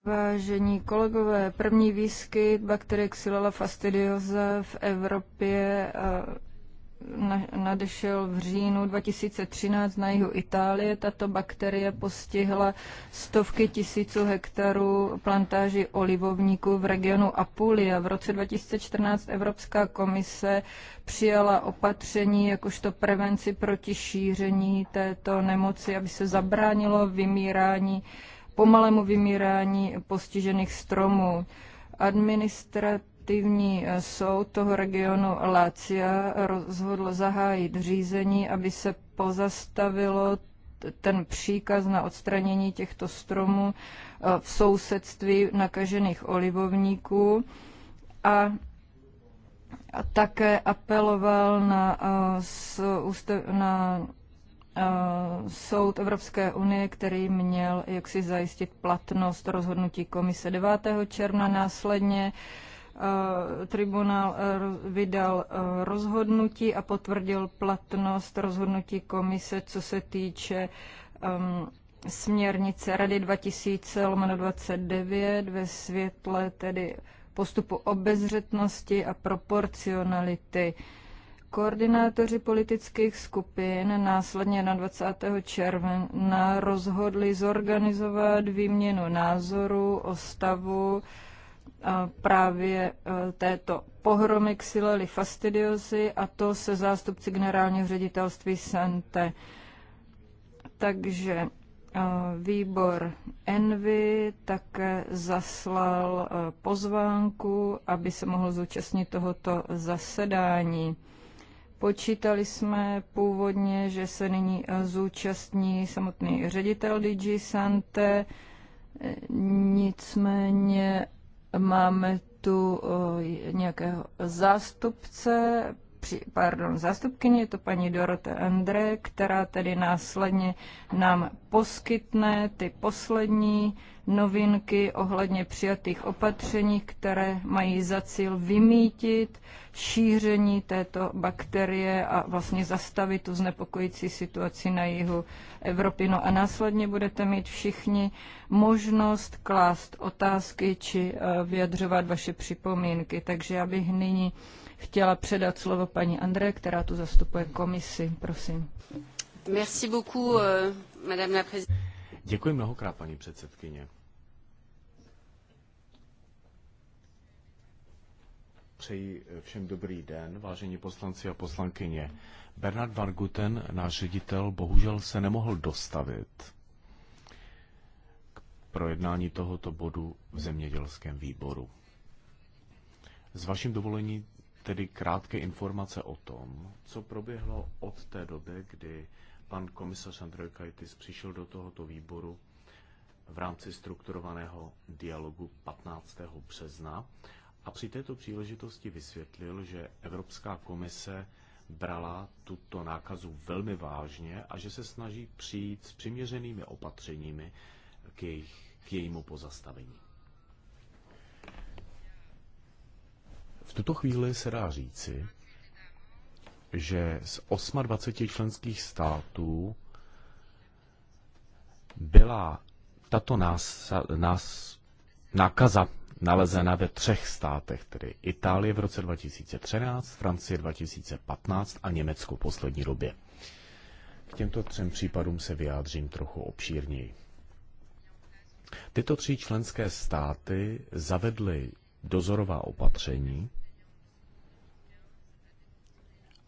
Vážení kolegové, první výskyt bakterie Xylella fastidiosa v Evropě eh, nadešel v říjnu 2013 na jihu Itálie. Tato bakterie postihla stovky tisíců hektarů plantáží olivovníků v regionu Apulia. V roce 2014 Evropská komise přijala opatření jakožto prevenci proti šíření této nemoci, aby se zabránilo vymírání, pomalému vymírání postižených stromů. Administrat administrativní eh, soud toho regionu Lácia rozhodl zahájit řízení, aby se pozastavilo ten příkaz na odstranění těchto stromů eh, v sousedství nakažených olivovníků a a také apeloval na, eh, na soud Evropské unie, který měl jaksi zajistit platnost rozhodnutí komise 9. června následně. Uh, Eh, tribunál eh, vydal eh, rozhodnutí a potvrdil platnost rozhodnutí komise, co se týče ehm, směrnice Rady 2000-29 ve světle tedy postupu obezřetnosti a proporcionality. Koordinátoři politických skupin následně na 20. června rozhodli zorganizovat výměnu názoru o stavu právě e, této pohromy xylely fastidiozy a to se zástupci generálního ředitelství Sente. Takže e, výbor Envy také zaslal e, pozvánku, aby se mohl zúčastnit tohoto zasedání. Počítali jsme původně, že se nyní zúčastní samotný ředitel DG Sante, nicméně Máme tu eh, nějakého zástupce, pardon, zástupkyně, je to paní Dorote Andre, která tedy následně nám poskytne ty poslední novinky ohledně přijatých opatření, které mají za cíl vymítit šíření této bakterie a vlastně zastavit tu znepokojící situaci na jihu Evropy. No a následně budete mít všichni možnost klást otázky či eh, vyjadřovat vaše připomínky. Takže já bych nyní chtěla předat slovo paní André, která tu zastupuje komisi. Prosím. Merci beaucoup, euh, madame la Děkuji mnohokrát, paní předsedkyně. Přeji eh, všem dobrý den, vážení poslanci a poslankyně. Bernard Varguten, náš ředitel, bohužel se nemohl dostavit k projednání tohoto bodu v zemědělském výboru. S vaším dovolením tedy krátké informace o tom, co proběhlo od té doby, kdy pan komisař Kajtis přišel do tohoto výboru v rámci strukturovaného dialogu 15. března a při této příležitosti vysvětlil, že Evropská komise brala tuto nákazu velmi vážně a že se snaží přijít s přiměřenými opatřeními k, jejich, k jejímu pozastavení. V tuto chvíli se dá říci, že z 28 členských států byla tato nás, nás, nákaza nalezena ve třech státech, tedy Itálie v roce 2013, Francie 2015 a Německo v poslední době. K těmto třem případům se vyjádřím trochu obšírněji. Tyto tři členské státy zavedly dozorová opatření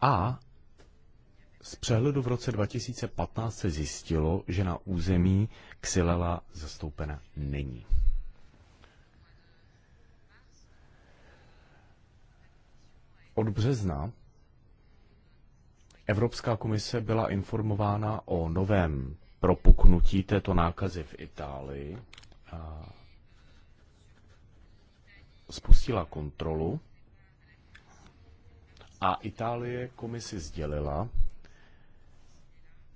a z přehledu v roce 2015 se zjistilo, že na území Xylela zastoupena není. Od března Evropská komise byla informována o novém propuknutí této nákazy v Itálii. Spustila kontrolu a Itálie komisi sdělila,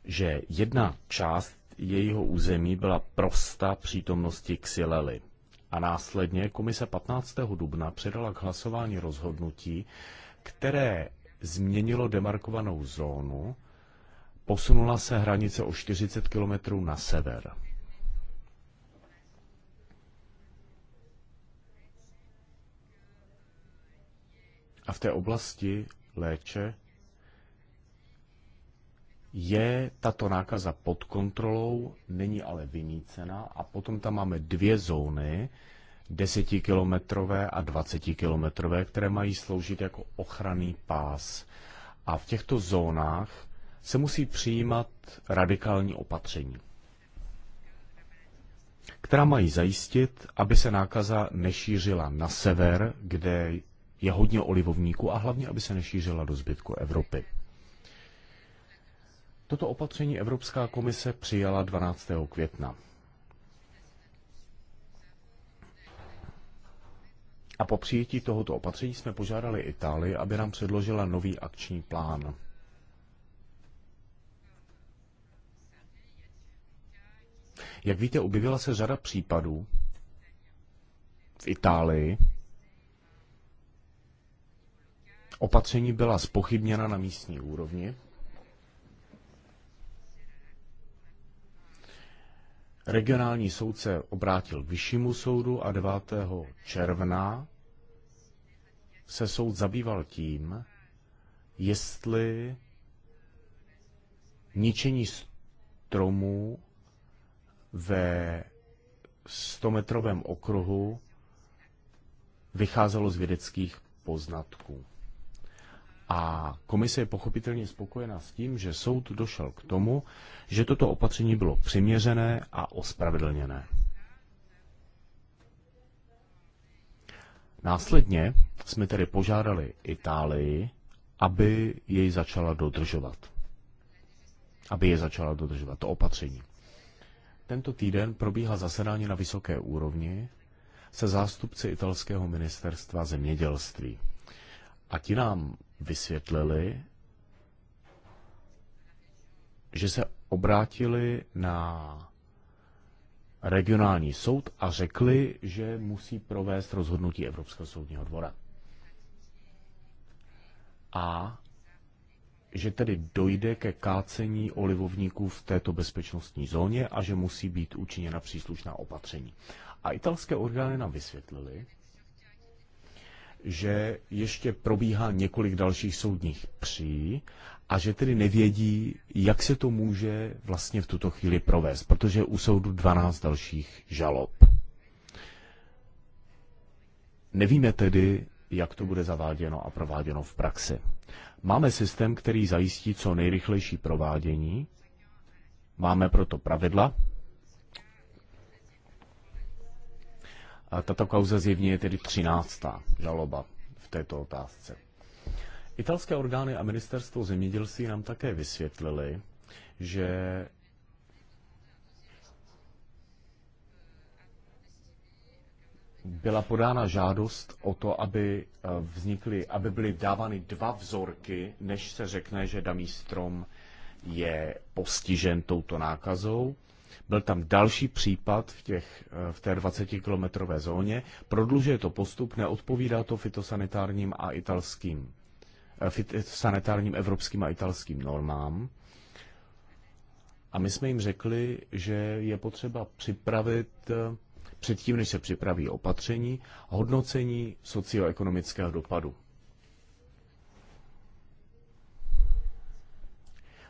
že jedna část jejího území byla prosta přítomnosti xylely. A následně komise 15. dubna předala k hlasování rozhodnutí, které změnilo demarkovanou zónu, posunula se hranice o 40 kilometrů na sever. A v té oblasti léče je tato nákaza pod kontrolou, není ale vynícena a potom tam máme dvě zóny, desetikilometrové kilometrové a dvacetikilometrové, kilometrové které mají sloužit jako ochranný pás. A v těchto zónách se musí přijímat radikální opatření, která mají zajistit, aby se nákaza nešířila na sever, kde je hodně olivovníků a hlavně, aby se nešířila do zbytku Evropy. Toto opatření Evropská komise přijala 12. května. A po přijetí tohoto opatření jsme požádali Itálii, aby nám předložila nový akční plán. Jak víte, objevila se řada případů v Itálii. Opatření byla spochybněna na místní úrovni. Regionální soud se obrátil k vyššímu soudu a 9. června se soud zabýval tím, jestli ničení stromů ve 100-metrovém okruhu vycházelo z vědeckých poznatků. A komise je pochopitelně spokojená s tím, že soud došel k tomu, že toto opatření bylo přiměřené a ospravedlněné. Následně jsme tedy požádali Itálii, aby jej začala dodržovat. Aby je začala dodržovat, to opatření. Tento týden probíhá zasedání na vysoké úrovni se zástupci italského ministerstva zemědělství. A ti nám vysvětlili, že se obrátili na regionální soud a řekli, že musí provést rozhodnutí Evropského soudního dvora. A že tedy dojde ke kácení olivovníků v této bezpečnostní zóně a že musí být učiněna příslušná opatření. A italské orgány nám vysvětlili, že ještě probíhá několik dalších soudních pří a že tedy nevědí, jak se to může vlastně v tuto chvíli provést, protože u soudu 12 dalších žalob. Nevíme tedy, jak to bude zaváděno a prováděno v praxi. Máme systém, který zajistí co nejrychlejší provádění. Máme proto pravidla. A tato kauza zjevně je tedy 13. žaloba v této otázce. Italské orgány a ministerstvo zemědělství nám také vysvětlili, že byla podána žádost o to, aby eh, vznikly, aby byly dávány dva vzorky, než se řekne, že daný strom je postižen touto nákazou. Byl tam další případ v, těch, eh, v té 20-kilometrové zóně. Prodlužuje to postup, neodpovídá to fitosanitárním a italským Eh, eh, sanitárním evropským a italským normám. A my jsme jim řekli, že je potřeba připravit eh, předtím, než se připraví opatření, hodnocení socioekonomického dopadu.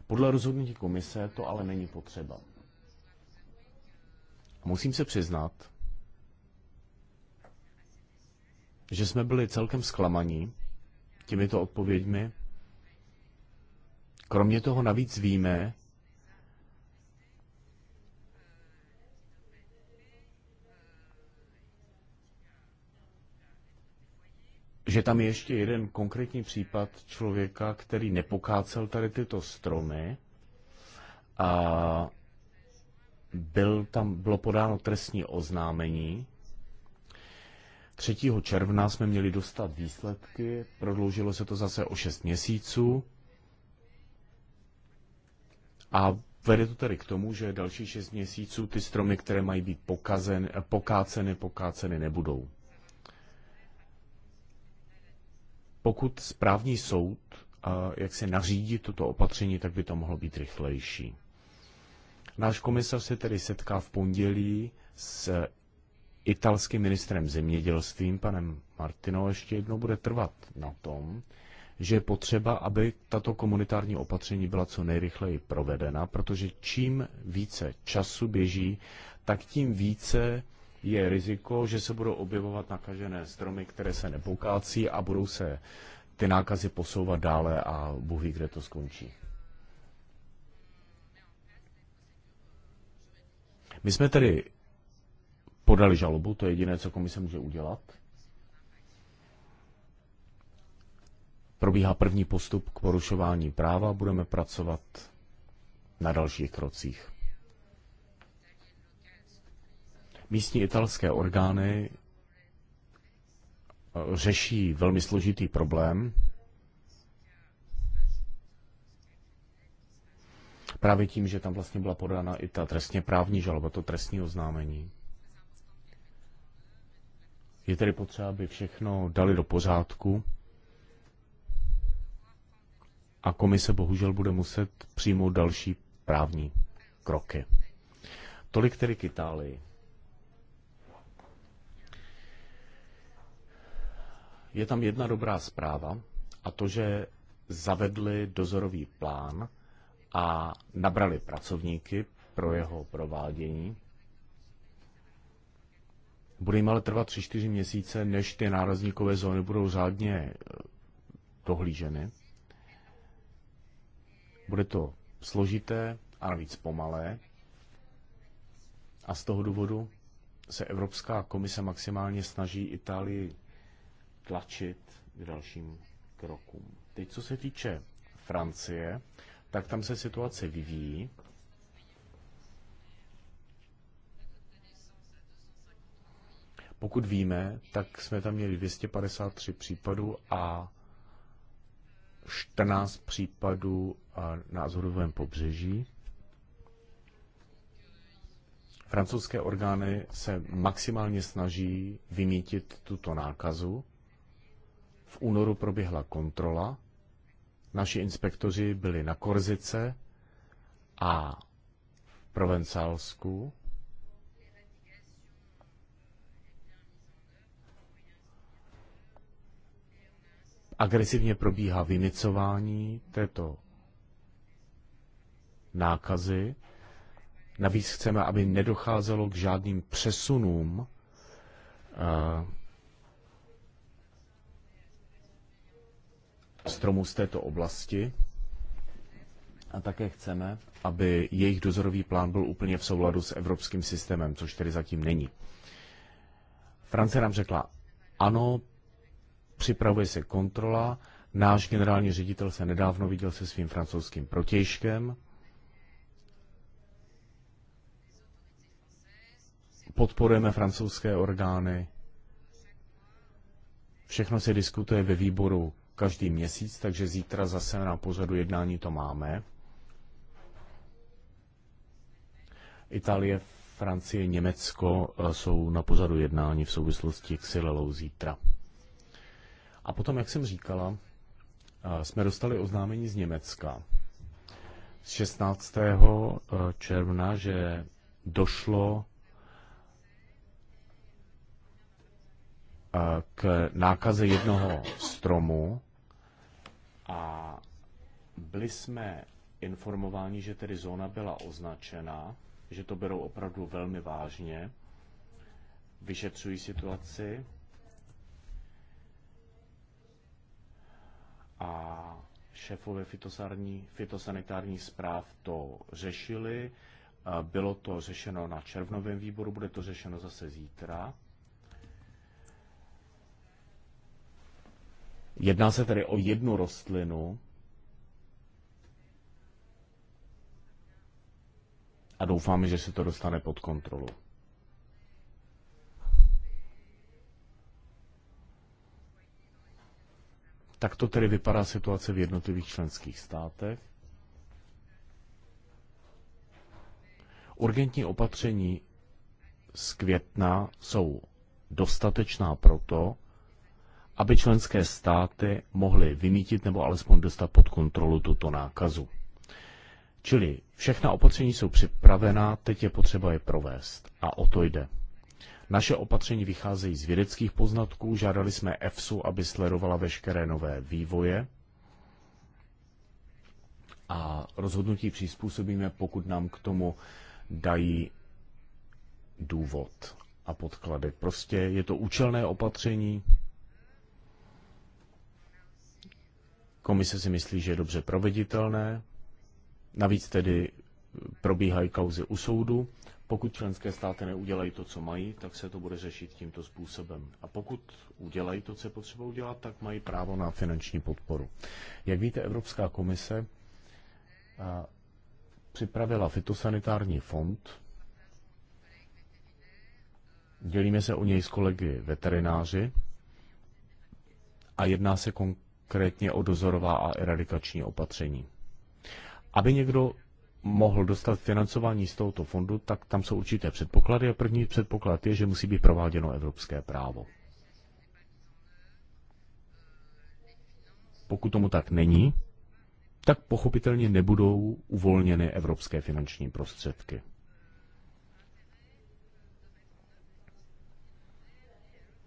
Podle rozhodnutí komise to ale není potřeba. Musím se přiznat, že jsme byli celkem zklamaní, těmito odpověďmi. Kromě toho navíc víme, že tam je ještě jeden konkrétní případ člověka, který nepokácel tady tyto stromy a byl tam, bylo podáno trestní oznámení 3. června jsme měli dostat výsledky, prodloužilo se to zase o 6 měsíců a vede to tedy k tomu, že další 6 měsíců ty stromy, které mají být pokazen, pokáceny, pokáceny nebudou. Pokud správní soud jak se nařídí toto opatření, tak by to mohlo být rychlejší. Náš komisař se tedy setká v pondělí s italským ministrem zemědělstvím, panem Martino, ještě jednou bude trvat na tom, že je potřeba, aby tato komunitární opatření byla co nejrychleji provedena, protože čím více času běží, tak tím více je riziko, že se budou objevovat nakažené stromy, které se nepokácí a budou se ty nákazy posouvat dále a Bůh ví, kde to skončí. My jsme tedy podali žalobu, to je jediné, co komise může udělat. Probíhá první postup k porušování práva, budeme pracovat na dalších krocích. Místní italské orgány eh, řeší velmi složitý problém. Právě tím, že tam vlastně byla podána i ta trestně právní žaloba, to trestní oznámení. Je tedy potřeba, aby všechno dali do pořádku a komise bohužel bude muset přijmout další právní kroky. Tolik tedy k Itálii. Je tam jedna dobrá zpráva a to, že zavedli dozorový plán a nabrali pracovníky pro jeho provádění. Bude jim ale trvat 3-4 měsíce, než ty nárazníkové zóny budou řádně eh, dohlíženy. Bude to složité a navíc pomalé. A z toho důvodu se Evropská komise maximálně snaží Itálii tlačit k dalším krokům. Teď, co se týče Francie, tak tam se situace vyvíjí. Pokud víme, tak jsme tam měli 253 případů a 14 případů na Azorovém pobřeží. Francouzské orgány se maximálně snaží vymítit tuto nákazu. V únoru proběhla kontrola. Naši inspektoři byli na Korzice a v Provencálsku. agresivně probíhá vymicování této nákazy. Navíc chceme, aby nedocházelo k žádným přesunům eh, stromů z této oblasti. A také chceme, aby jejich dozorový plán byl úplně v souladu s evropským systémem, což tedy zatím není. Francie nám řekla, ano, připravuje se kontrola. Náš generální ředitel se nedávno viděl se svým francouzským protějškem. Podporujeme francouzské orgány. Všechno se diskutuje ve výboru každý měsíc, takže zítra zase na pořadu jednání to máme. Itálie, Francie, Německo eh, jsou na pořadu jednání v souvislosti k Silelou zítra. A potom, jak jsem říkala, eh, jsme dostali oznámení z Německa z 16. Eh, června, že došlo eh, k nákaze jednoho stromu a byli jsme informováni, že tedy zóna byla označena, že to berou opravdu velmi vážně, vyšetřují situaci a šéfové fitosanitární zpráv to řešili. E, bylo to řešeno na červnovém výboru, bude to řešeno zase zítra. Jedná se tedy o jednu rostlinu a doufáme, že se to dostane pod kontrolu. Tak to tedy vypadá situace v jednotlivých členských státech. Urgentní opatření z května jsou dostatečná proto, aby členské státy mohly vymítit nebo alespoň dostat pod kontrolu tuto nákazu. Čili všechna opatření jsou připravená, teď je potřeba je provést. A o to jde. Naše opatření vycházejí z vědeckých poznatků, žádali jsme EFSU, aby sledovala veškeré nové vývoje a rozhodnutí přizpůsobíme, pokud nám k tomu dají důvod a podklady. Prostě je to účelné opatření. Komise si myslí, že je dobře proveditelné. Navíc tedy probíhají kauzy u soudu. Pokud členské státy neudělají to, co mají, tak se to bude řešit tímto způsobem. A pokud udělají to, co je potřeba udělat, tak mají právo na finanční podporu. Jak víte, Evropská komise eh, připravila fitosanitární fond. Dělíme se o něj s kolegy veterináři a jedná se konkrétně o dozorová a eradikační opatření. Aby někdo mohl dostat financování z tohoto fondu, tak tam jsou určité předpoklady a první předpoklad je, že musí být prováděno evropské právo. Pokud tomu tak není, tak pochopitelně nebudou uvolněny evropské finanční prostředky.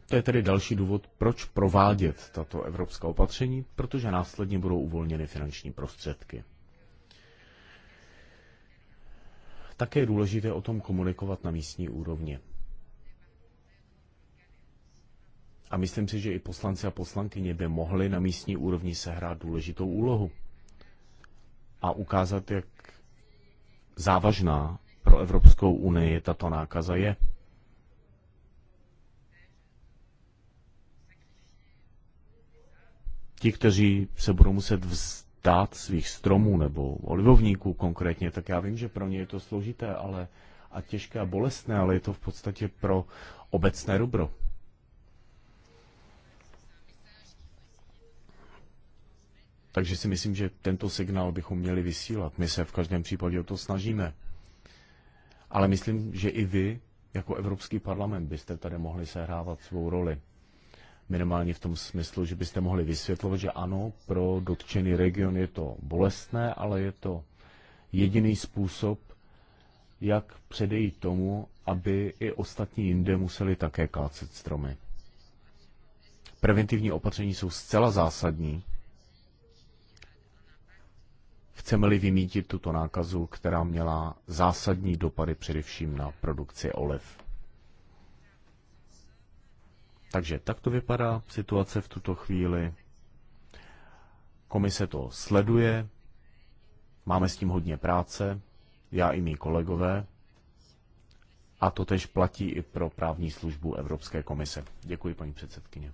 To je tedy další důvod, proč provádět tato evropská opatření, protože následně budou uvolněny finanční prostředky. Také je důležité o tom komunikovat na místní úrovni. A myslím si, že i poslanci a poslankyně by mohli na místní úrovni sehrát důležitou úlohu a ukázat, jak závažná pro Evropskou unii tato nákaza je. Ti, kteří se budou muset vz dát svých stromů nebo olivovníků konkrétně, tak já vím, že pro ně je to složité ale a těžké a bolestné, ale je to v podstatě pro obecné dobro. Takže si myslím, že tento signál bychom měli vysílat. My se v každém případě o to snažíme. Ale myslím, že i vy, jako Evropský parlament, byste tady mohli sehrávat svou roli minimálně v tom smyslu, že byste mohli vysvětlovat, že ano, pro dotčený region je to bolestné, ale je to jediný způsob, jak předejít tomu, aby i ostatní jinde museli také kácet stromy. Preventivní opatření jsou zcela zásadní. Chceme-li vymítit tuto nákazu, která měla zásadní dopady především na produkci olev. Takže tak to vypadá situace v tuto chvíli. Komise to sleduje, máme s tím hodně práce, já i mý kolegové, a to tež platí i pro právní službu Evropské komise. Děkuji, paní předsedkyně.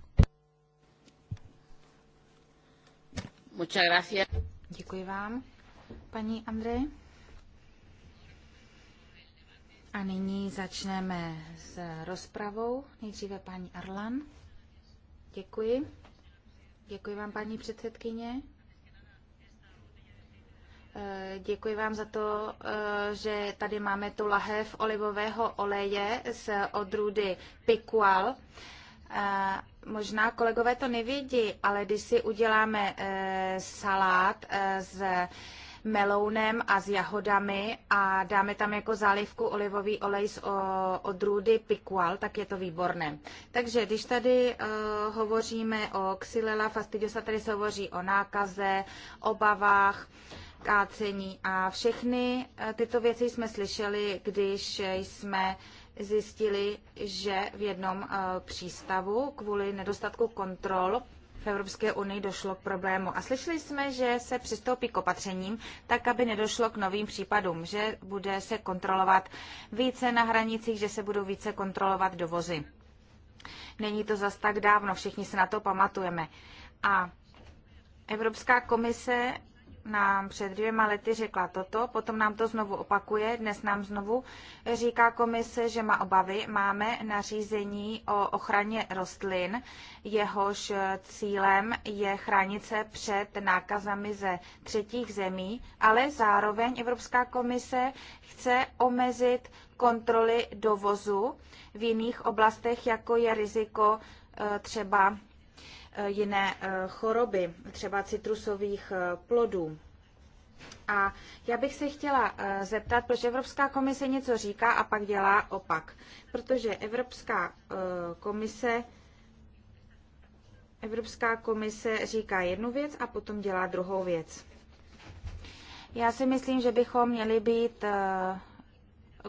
Děkuji vám, paní Andrej. A nyní začneme s rozpravou. Nejdříve paní Arlan. Děkuji. Děkuji vám, paní předsedkyně. Eh, děkuji vám za to, eh, že tady máme tu lahev olivového oleje z odrůdy Picual. Eh, možná kolegové to nevědí, ale když si uděláme salát z melounem a s jahodami a dáme tam jako zálivku olivový olej z odrůdy pikual tak je to výborné. Takže když tady uh, hovoříme o Xylella fastidiosa, tady se hovoří o nákaze, obavách, kácení a všechny eh, tyto věci jsme slyšeli, když jsme zjistili, že v jednom eh, přístavu kvůli nedostatku kontrol v Evropské unii došlo k problému. A slyšeli jsme, že se přistoupí k opatřením, tak aby nedošlo k novým případům, že bude se kontrolovat více na hranicích, že se budou více kontrolovat dovozy. Není to zas tak dávno, všichni se na to pamatujeme. A Evropská komise nám před dvěma lety řekla toto, potom nám to znovu opakuje, dnes nám znovu říká komise, že má obavy. Máme nařízení o ochraně rostlin, jehož cílem je chránit se před nákazami ze třetích zemí, ale zároveň Evropská komise chce omezit kontroly dovozu v jiných oblastech, jako je riziko eh, třeba Eh, jiné eh, choroby, třeba citrusových eh, plodů. A já bych se chtěla zeptat, proč Evropská komise něco říká a pak dělá opak. Protože Evropská komise Evropská komise říká jednu věc a potom dělá druhou věc. Já si myslím, že bychom měli být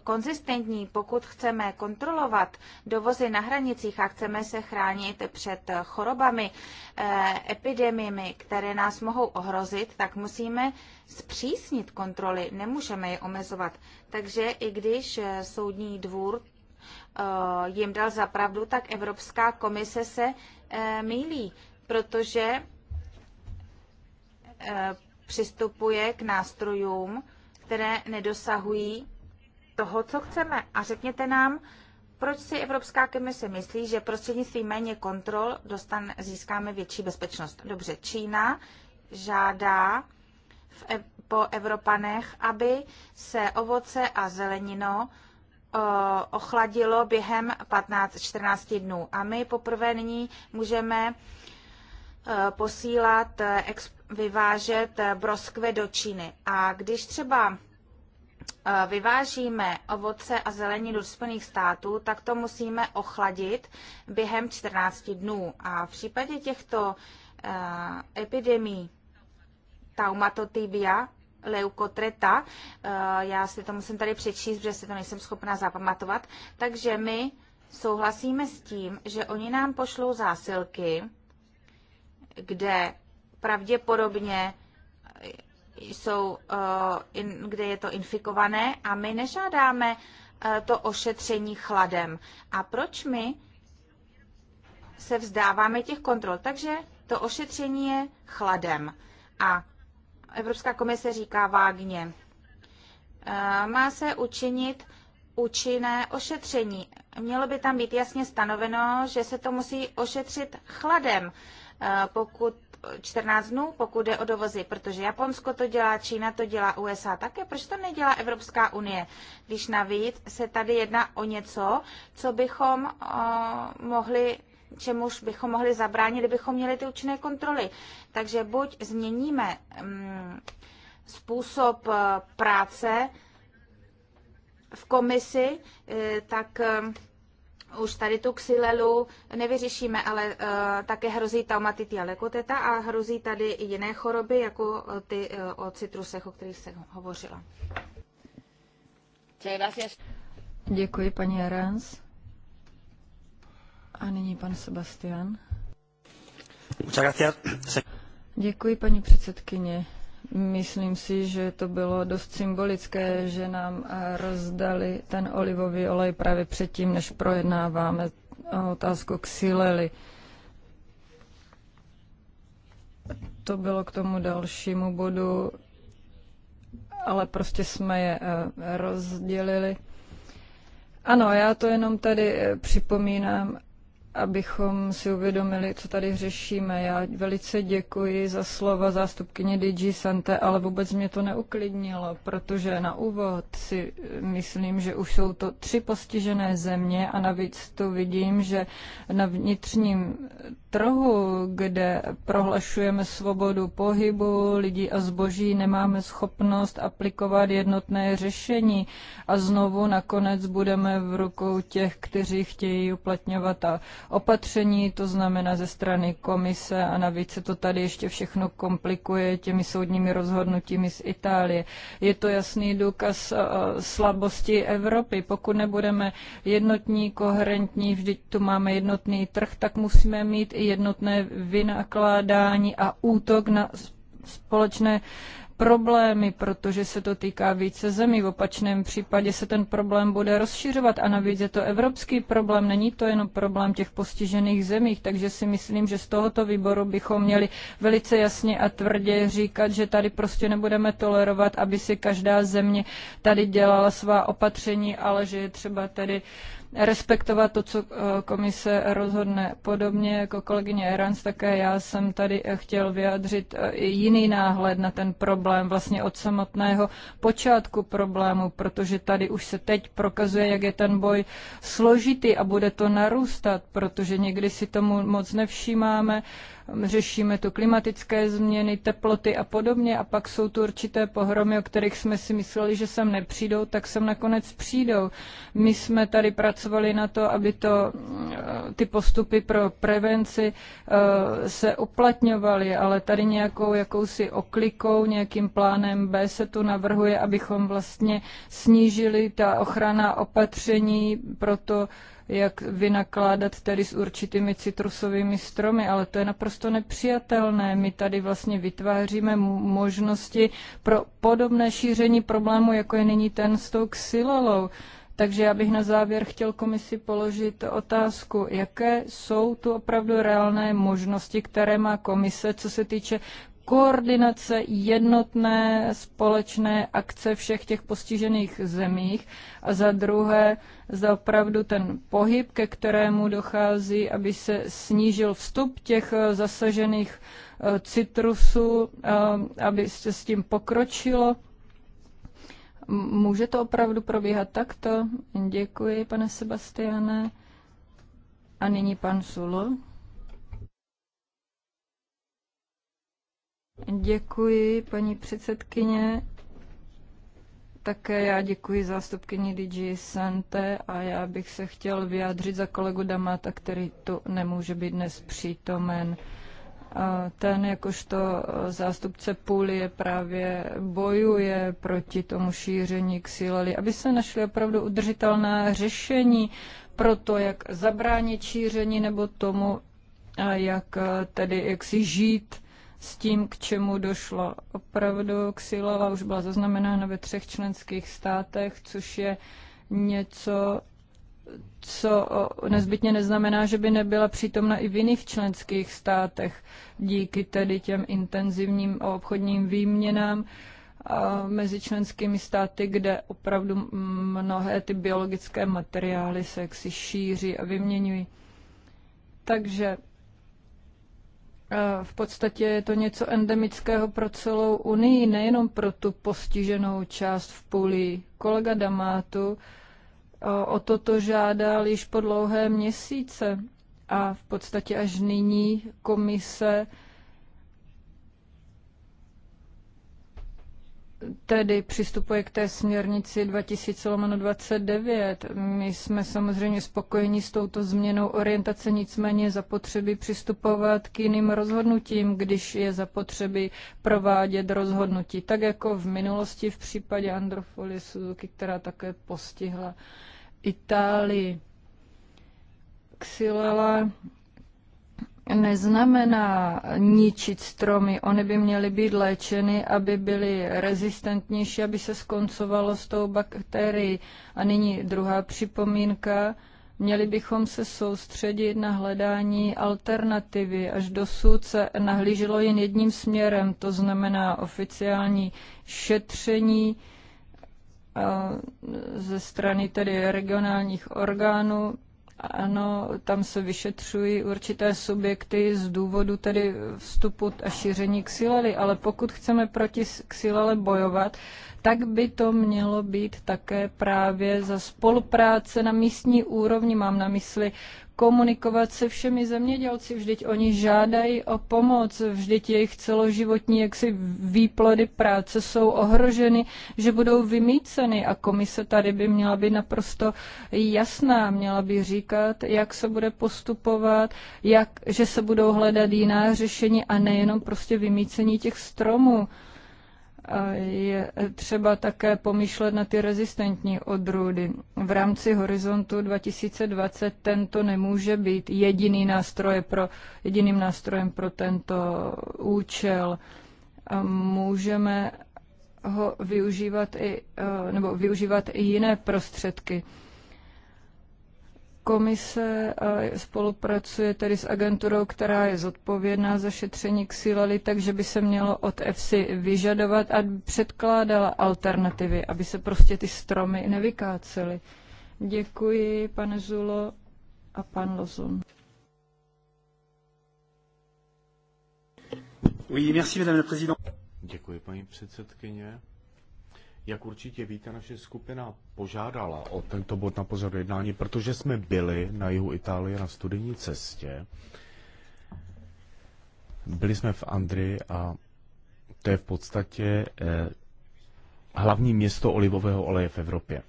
konzistentní, pokud chceme kontrolovat dovozy na hranicích a chceme se chránit před chorobami, eh, epidemiemi, které nás mohou ohrozit, tak musíme zpřísnit kontroly, nemůžeme je omezovat. Takže i když eh, soudní dvůr eh, jim dal zapravdu, tak Evropská komise se mílí, protože přistupuje k nástrojům, které nedosahují toho, co chceme. A řekněte nám, proč si Evropská komise myslí, že prostřednictvím méně kontrol dostan, získáme větší bezpečnost? Dobře, Čína žádá v, e-, po Evropanech, aby se ovoce a zelenino ochladilo během 15-14 dnů. A my poprvé nyní můžeme e, posílat, e, vyvážet broskve do Číny. A když třeba Eh, vyvážíme ovoce a zeleninu do Spojených států, tak to musíme ochladit během 14 dnů. A v případě těchto eh, epidemí taumatotibia, leukotreta, eh, já si to musím tady přečíst, protože si to nejsem schopna zapamatovat, takže my souhlasíme s tím, že oni nám pošlou zásilky, kde pravděpodobně jsou, eh, kde je to infikované a my nežádáme eh, to ošetření chladem. A proč my se vzdáváme těch kontrol? Takže to ošetření je chladem. A Evropská komise říká vágně, eh, má se učinit účinné ošetření. Mělo by tam být jasně stanoveno, že se to musí ošetřit chladem, pokud 14 dnů, pokud jde o dovozy, protože Japonsko to dělá, Čína to dělá, USA také. Proč to nedělá Evropská unie, když navíc se tady jedná o něco, co bychom uh, mohli čemuž bychom mohli zabránit, kdybychom měli ty účinné kontroly. Takže buď změníme um, způsob eh, práce v komisi, eh, tak uh, už tady tu ksilelu nevyřešíme, ale uh, také hrozí taumatitia lekoteta a hrozí tady i jiné choroby, jako eh, ty uh, o citrusech, o kterých jsem hovořila. Děkuji, paní Arans. A nyní pan Sebastian. Děkuji, paní předsedkyně. Myslím si, že to bylo dost symbolické, že nám eh, rozdali ten olivový olej právě předtím, než projednáváme otázku sileli. To bylo k tomu dalšímu bodu, ale prostě jsme je eh, rozdělili. Ano, já to jenom tady eh, připomínám, abychom si uvědomili, co tady řešíme. Já velice děkuji za slova zástupkyně DG Sante, ale vůbec mě to neuklidnilo, protože na úvod si eh, myslím, že už jsou to tři postižené země a navíc to vidím, že na vnitřním eh, trhu, kde prohlašujeme svobodu pohybu lidí a zboží, nemáme schopnost aplikovat jednotné řešení a znovu nakonec budeme v rukou těch, kteří chtějí uplatňovat a opatření, to znamená ze strany komise a navíc se to tady ještě všechno komplikuje těmi soudními rozhodnutími z Itálie. Je to jasný důkaz eh, slabosti Evropy. Pokud nebudeme jednotní, koherentní, vždyť tu máme jednotný trh, tak musíme mít i jednotné vynakládání a útok na společné problémy, protože se to týká více zemí. V opačném případě se ten problém bude rozšiřovat a navíc je to evropský problém, není to jenom problém těch postižených zemích, takže si myslím, že z tohoto výboru bychom měli velice jasně a tvrdě říkat, že tady prostě nebudeme tolerovat, aby si každá země tady dělala svá opatření, ale že je třeba tedy respektovat to, co eh, komise rozhodne. Podobně jako kolegyně Erans, také já jsem tady eh, chtěl vyjádřit eh, jiný náhled na ten problém, vlastně od samotného počátku problému, protože tady už se teď prokazuje, jak je ten boj složitý a bude to narůstat, protože někdy si tomu moc nevšímáme řešíme tu klimatické změny, teploty a podobně a pak jsou tu určité pohromy, o kterých jsme si mysleli, že sem nepřijdou, tak sem nakonec přijdou. My jsme tady pracovali na to, aby to, eh, ty postupy pro prevenci eh, se uplatňovaly, ale tady nějakou jakousi oklikou, nějakým plánem B se tu navrhuje, abychom vlastně snížili ta ochrana opatření pro to, jak vynakládat tedy s určitými citrusovými stromy, ale to je naprosto nepřijatelné. My tady vlastně vytváříme možnosti pro podobné šíření problému, jako je nyní ten s tou ksilolou. Takže já bych na závěr chtěl komisi položit otázku, jaké jsou tu opravdu reálné možnosti, které má komise, co se týče koordinace jednotné společné akce všech těch postižených zemích a za druhé za opravdu ten pohyb, ke kterému dochází, aby se snížil vstup těch eh, zasažených eh, citrusů, eh, aby se s tím pokročilo. Může to opravdu probíhat takto? Děkuji, pane Sebastiane. A nyní pan Sulo. Děkuji, paní předsedkyně. Také já děkuji zástupkyni DG Sante a já bych se chtěl vyjádřit za kolegu Damata, který tu nemůže být dnes přítomen. Ten jakožto zástupce půly je právě bojuje proti tomu šíření ksílely, aby se našly opravdu udržitelná řešení pro to, jak zabránit šíření nebo tomu, jak tedy jak si žít s tím, k čemu došlo. Opravdu ksilava už byla zaznamenána ve třech členských státech, což je něco, co nezbytně neznamená, že by nebyla přítomna i v jiných členských státech díky tedy těm intenzivním obchodním výměnám mezi členskými státy, kde opravdu mnohé ty biologické materiály se jaksi šíří a vyměňují. Takže v podstatě je to něco endemického pro celou Unii, nejenom pro tu postiženou část v půli. Kolega Damátu o toto žádal již po dlouhé měsíce a v podstatě až nyní komise tedy přistupuje k té směrnici 2029. My jsme samozřejmě spokojeni s touto změnou orientace, nicméně zapotřebí přistupovat k jiným rozhodnutím, když je zapotřebí provádět rozhodnutí. Tak jako v minulosti v případě Androfoli Suzuki, která také postihla Itálii. Xylella neznamená ničit stromy. Ony by měly být léčeny, aby byly rezistentnější, aby se skoncovalo s tou bakterií. A nyní druhá připomínka. Měli bychom se soustředit na hledání alternativy. Až dosud se nahlíželo jen jedním směrem, to znamená oficiální šetření eh, ze strany tedy regionálních orgánů ano, tam se vyšetřují určité subjekty z důvodu tedy vstupu a šíření ksilely, ale pokud chceme proti ksilele bojovat, tak by to mělo být také právě za spolupráce na místní úrovni. Mám na mysli komunikovat se všemi zemědělci, vždyť oni žádají o pomoc, vždyť jejich celoživotní jaksi výplody práce jsou ohroženy, že budou vymíceny a komise tady by měla být naprosto jasná, měla by říkat, jak se bude postupovat, jak, že se budou hledat jiná řešení a nejenom prostě vymícení těch stromů je třeba také pomýšlet na ty rezistentní odrůdy. V rámci horizontu 2020 tento nemůže být jediný nástroj pro, jediným nástrojem pro tento účel. Můžeme ho využívat i, eh, nebo využívat i jiné prostředky. Komise spolupracuje tedy s agenturou, která je zodpovědná za šetření ksilely, takže by se mělo od EFSI vyžadovat a předkládala alternativy, aby se prostě ty stromy nevykácely. Děkuji, pane Zulo a pan Lozum. Oui, merci, madame la Děkuji, paní předsedkyně. Jak určitě víte, naše skupina požádala o tento bod na pořadu jednání, protože jsme byli na jihu Itálie na studijní cestě. Byli jsme v Andry a to je v podstatě eh, hlavní město olivového oleje v Evropě.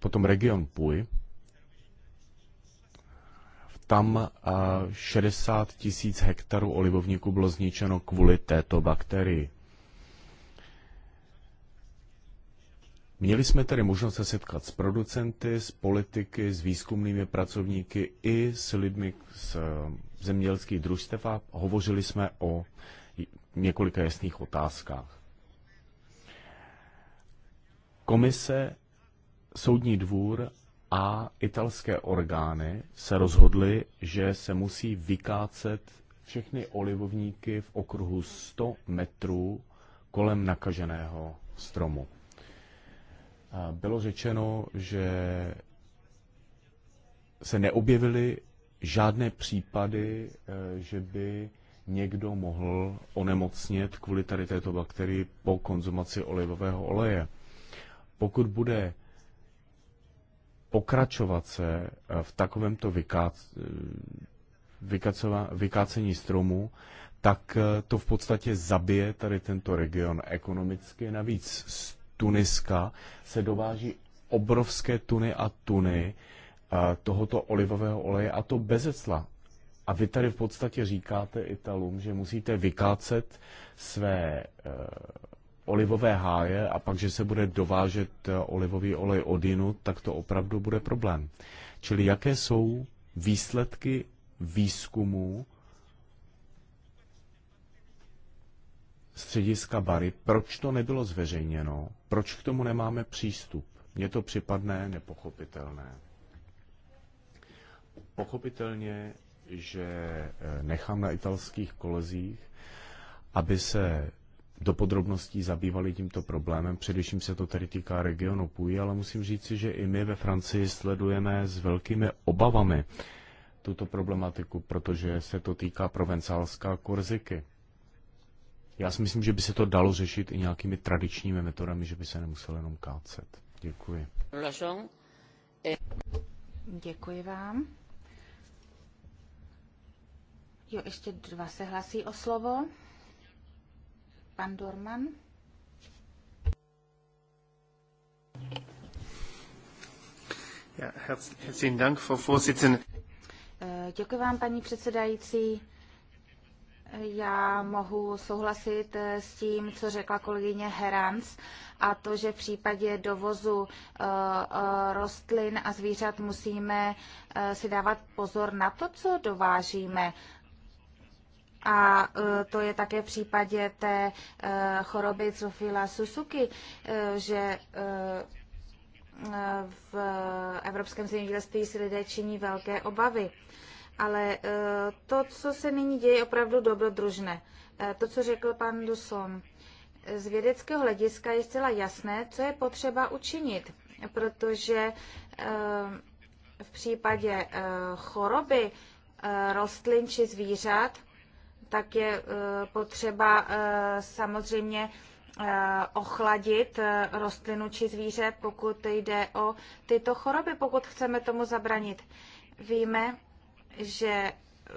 Potom region Puy. Tam eh, 60 tisíc hektarů olivovníků bylo zničeno kvůli této bakterii. Měli jsme tedy možnost se setkat s producenty, s politiky, s výzkumnými pracovníky i s lidmi z eh, zemědělských družstev a hovořili jsme o několika jasných otázkách. Komise, soudní dvůr a italské orgány se rozhodly, že se musí vykácet všechny olivovníky v okruhu 100 metrů kolem nakaženého stromu bylo řečeno, že se neobjevily žádné případy, eh, že by někdo mohl onemocnit kvůli tady této bakterii po konzumaci olivového oleje. Pokud bude pokračovat se eh, v takovémto eh, vykácení stromu, tak to v podstatě zabije tady tento region ekonomicky. Navíc Tuniska se dováží obrovské tuny a tuny eh, tohoto olivového oleje a to bez cla. A vy tady v podstatě říkáte Italům, že musíte vykácet své eh, olivové háje a pak, že se bude dovážet eh, olivový olej od jinu, tak to opravdu bude problém. Čili jaké jsou výsledky výzkumu střediska Bary, proč to nebylo zveřejněno, proč k tomu nemáme přístup. Mně to připadne nepochopitelné. Pochopitelně, že eh, nechám na italských kolezích, aby se do podrobností zabývali tímto problémem. Především se to tedy týká regionu Puy, ale musím říci, že i my ve Francii sledujeme s velkými obavami tuto problematiku, protože se to týká provencálská Korziky. Já si myslím, že by se to dalo řešit i nějakými tradičními metodami, že by se nemuselo jenom kácet. Děkuji. Děkuji vám. Jo, ještě dva se hlasí o slovo. Pan Dorman. Eh, děkuji vám, paní předsedající. Já mohu souhlasit eh, s tím, co řekla kolegyně Herans, a to, že v případě dovozu eh, eh, rostlin a zvířat musíme si dávat pozor na to, co dovážíme. A to je také v případě té choroby Zofila Susuki, že v evropském zemědělství si lidé činí velké obavy ale eh, to, co se nyní děje, je opravdu dobrodružné. Eh, to, co řekl pan Duson, z vědeckého hlediska je zcela jasné, co je potřeba učinit, protože eh, v případě choroby rostlin či zvířat, tak je potřeba samozřejmě ochladit rostlinu či zvíře, pokud jde o tyto choroby, pokud chceme tomu zabranit. Víme, že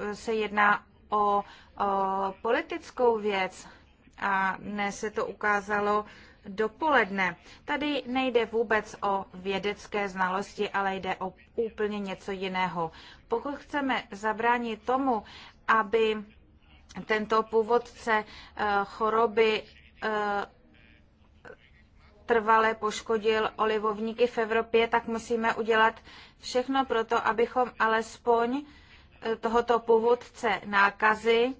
eh, se jedná o, o politickou věc a ne se to ukázalo dopoledne. Tady nejde vůbec o vědecké znalosti, ale jde o úplně něco jiného. Pokud chceme zabránit tomu, aby tento původce eh, choroby eh, trvale poškodil olivovníky v Evropě, tak musíme udělat všechno pro to, abychom alespoň tohoto původce nákazy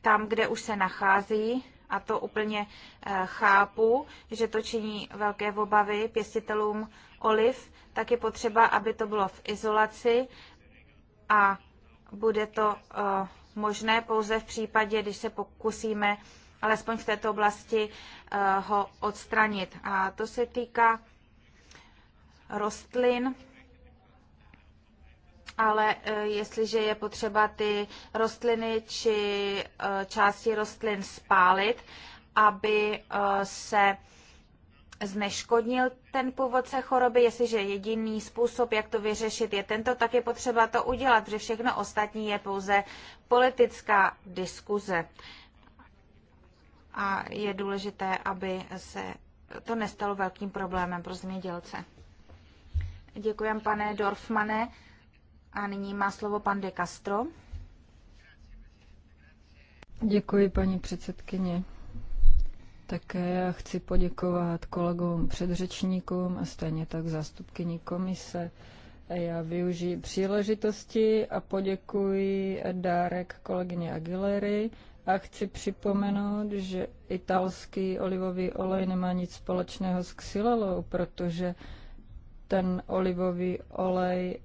tam, kde už se nachází, a to úplně eh, chápu, že to činí velké obavy pěstitelům oliv, tak je potřeba, aby to bylo v izolaci a bude to eh, možné pouze v případě, když se pokusíme alespoň v této oblasti eh, ho odstranit. A to se týká rostlin, ale e, jestliže je potřeba ty rostliny či e, části rostlin spálit, aby e, se zneškodnil ten původce choroby, jestliže jediný způsob, jak to vyřešit, je tento, tak je potřeba to udělat, protože všechno ostatní je pouze politická diskuze. A je důležité, aby se to nestalo velkým problémem pro zemědělce. Děkujem, pane Dorfmane. A nyní má slovo pan De Castro. Děkuji, paní předsedkyně. Také já chci poděkovat kolegům předřečníkům a stejně tak zástupkyní komise. Já využiji příležitosti a poděkuji dárek kolegyně Aguilery a chci připomenout, že italský olivový olej nemá nic společného s xylelou, protože ten olivový olej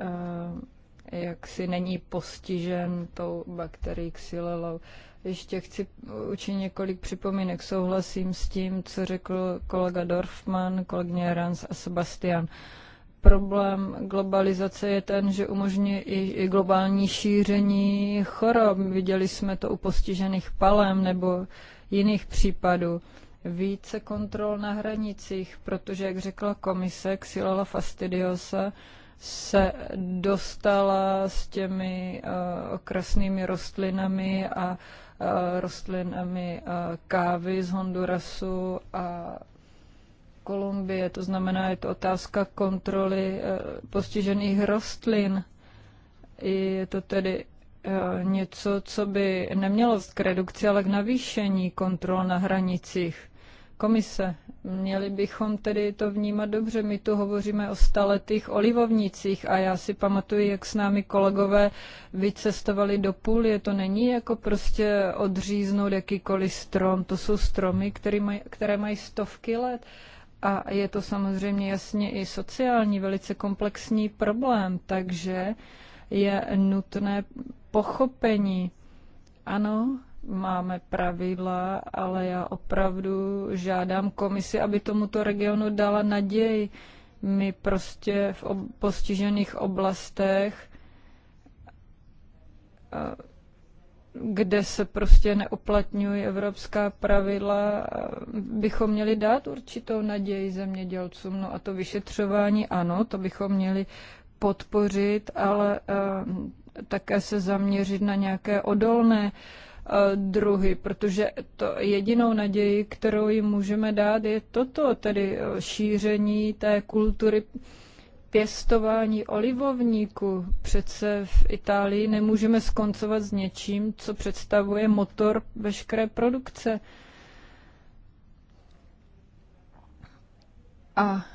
Eh, jak si není postižen tou bakterií xylelou. Ještě chci učinit několik připomínek. Souhlasím s tím, co řekl kolega Dorfman, kolegyně Rans a Sebastian. Problém globalizace je ten, že umožňuje i globální šíření chorob. Viděli jsme to u postižených palem nebo jiných případů více kontrol na hranicích, protože, jak řekla komise, Xylella fastidiosa, se dostala s těmi uh, okrasnými rostlinami a uh, rostlinami uh, kávy z Hondurasu a Kolumbie. To znamená, je to otázka kontroly uh, postižených rostlin. Je to tedy něco, co by nemělo k redukci, ale k navýšení kontrol na hranicích komise. Měli bychom tedy to vnímat dobře. My tu hovoříme o staletých olivovnicích a já si pamatuju, jak s námi kolegové vycestovali do půl. Je to není jako prostě odříznout jakýkoliv strom. To jsou stromy, které mají, které mají stovky let. A je to samozřejmě jasně i sociální, velice komplexní problém, takže je nutné pochopení. Ano, máme pravidla, ale já opravdu žádám komisi, aby tomuto regionu dala naději. My prostě v ob- postižených oblastech, kde se prostě neuplatňují evropská pravidla, bychom měli dát určitou naději zemědělcům. No a to vyšetřování, ano, to bychom měli podpořit, ale také se zaměřit na nějaké odolné uh, Eh, druhy, protože to jedinou naději, kterou jim můžeme dát, je toto, tedy eh, šíření té kultury pěstování olivovníku. Přece v Itálii nemůžeme skoncovat s něčím, co představuje motor veškeré produkce. A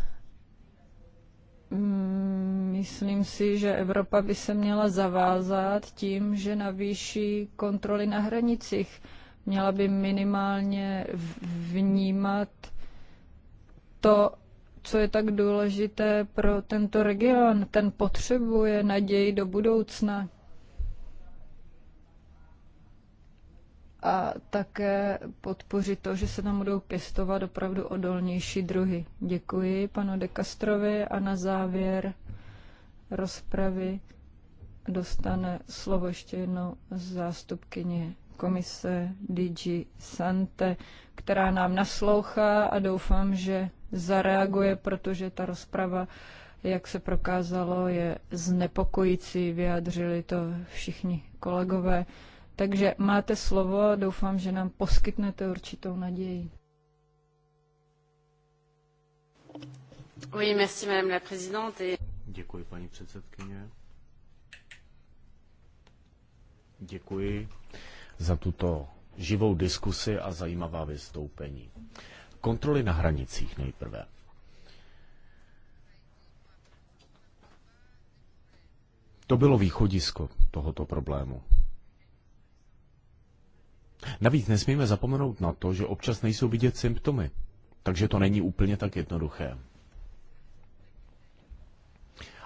Mm, myslím si, že Evropa by se měla zavázat tím, že navýší kontroly na hranicích. Měla by minimálně vnímat to, co je tak důležité pro tento region. Ten potřebuje naději do budoucna. a také podpořit to, že se tam budou pěstovat opravdu odolnější druhy. Děkuji panu Dekastrovi a na závěr rozpravy dostane slovo ještě jednou zástupkyně komise DG Sante, která nám naslouchá a doufám, že zareaguje, protože ta rozprava, jak se prokázalo, je znepokojící. Vyjádřili to všichni kolegové. Takže máte slovo a doufám, že nám poskytnete určitou naději. Oui, merci, madame la présidente. Děkuji, paní předsedkyně. Děkuji za tuto živou diskusi a zajímavá vystoupení. Kontroly na hranicích nejprve. To bylo východisko tohoto problému. Navíc nesmíme zapomenout na to, že občas nejsou vidět symptomy, takže to není úplně tak jednoduché.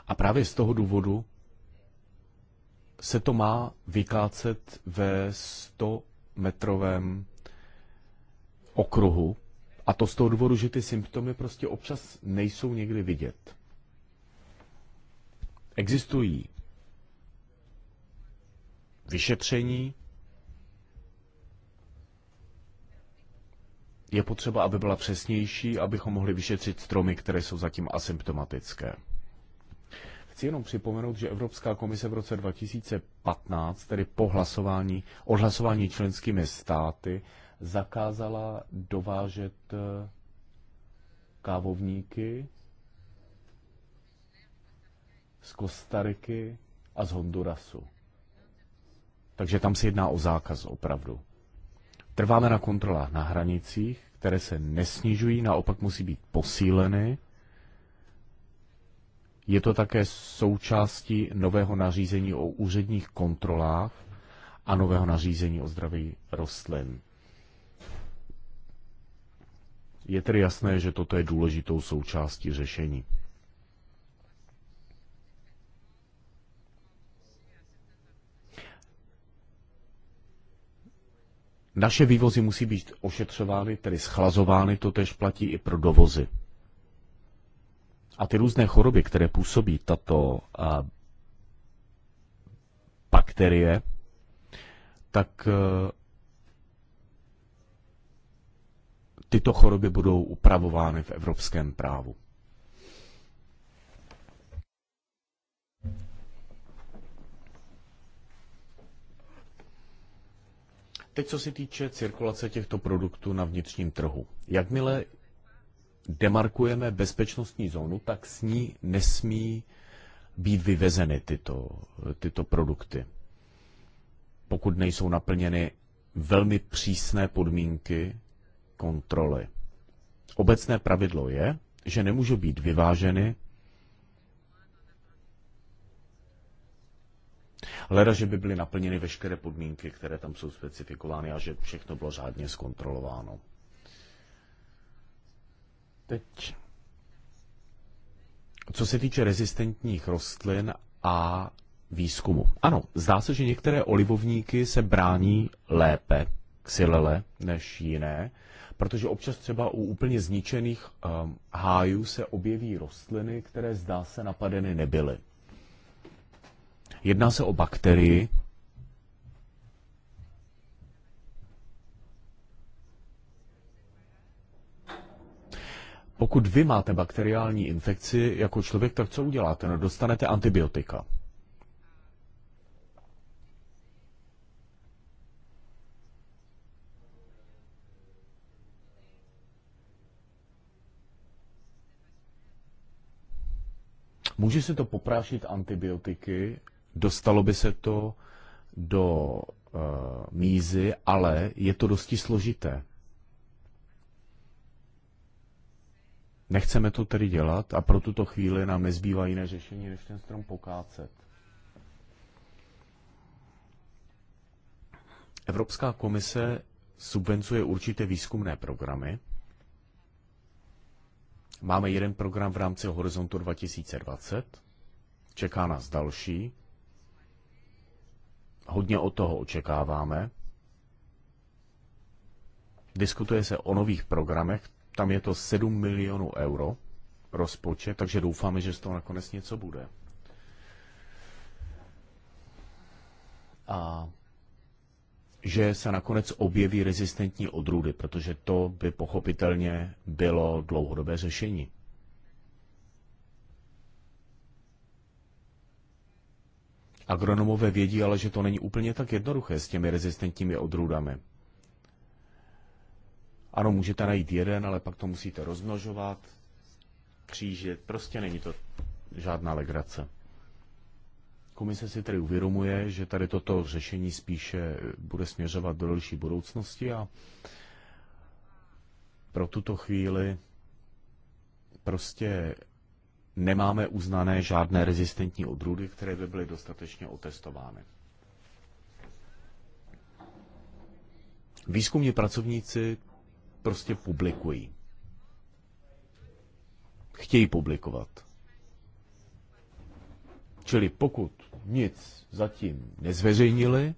A právě z toho důvodu se to má vykácet ve 100-metrovém okruhu. A to z toho důvodu, že ty symptomy prostě občas nejsou někdy vidět. Existují vyšetření, Je potřeba, aby byla přesnější, abychom mohli vyšetřit stromy, které jsou zatím asymptomatické. Chci jenom připomenout, že Evropská komise v roce 2015, tedy po hlasování, odhlasování členskými státy, zakázala dovážet eh, kávovníky z Kostariky a z Hondurasu. Takže tam se jedná o zákaz opravdu. Trváme na kontrolách na hranicích, které se nesnižují, naopak musí být posíleny. Je to také součástí nového nařízení o úředních kontrolách a nového nařízení o zdraví rostlin. Je tedy jasné, že toto je důležitou součástí řešení. Naše vývozy musí být ošetřovány, tedy schlazovány, to tež platí i pro dovozy. A ty různé choroby, které působí tato a, bakterie, tak a, e, tyto choroby budou upravovány v evropském právu. Teď, co se týče cirkulace těchto produktů na vnitřním trhu. Jakmile demarkujeme bezpečnostní zónu, tak s ní nesmí být vyvezeny tyto, tyto produkty. Pokud nejsou naplněny velmi přísné podmínky kontroly. Obecné pravidlo je, že nemůžou být vyváženy hleda, že by byly naplněny veškeré podmínky, které tam jsou specifikovány a že všechno bylo řádně zkontrolováno. Teď. Co se týče rezistentních rostlin a výzkumu. Ano, zdá se, že některé olivovníky se brání lépe silele než jiné, protože občas třeba u úplně zničených um, hájů se objeví rostliny, které zdá se napadeny nebyly. Jedná se o bakterii, Pokud vy máte bakteriální infekci jako člověk, tak co uděláte? No, dostanete antibiotika. Může se to poprášit antibiotiky Dostalo by se to do uh, mízy, ale je to dosti složité. Nechceme to tedy dělat a pro tuto chvíli nám nezbývá jiné řešení, než ten strom pokácet. Evropská komise subvencuje určité výzkumné programy. Máme jeden program v rámci Horizontu 2020. Čeká nás další, Hodně od toho očekáváme. Diskutuje se o nových programech, tam je to 7 milionů euro rozpočet, takže doufáme, že z toho nakonec něco bude. A že se nakonec objeví rezistentní odrůdy, protože to by pochopitelně bylo dlouhodobé řešení. agronomové vědí, ale že to není úplně tak jednoduché s těmi rezistentními odrůdami. Ano, můžete najít jeden, ale pak to musíte rozmnožovat, křížit. Prostě není to žádná legrace. Komise si tedy uvědomuje, že tady toto řešení spíše bude směřovat do další budoucnosti a pro tuto chvíli prostě nemáme uznané žádné rezistentní odrůdy, které by byly dostatečně otestovány. Výzkumní pracovníci prostě publikují. Chtějí publikovat. Čili pokud nic zatím nezveřejnili,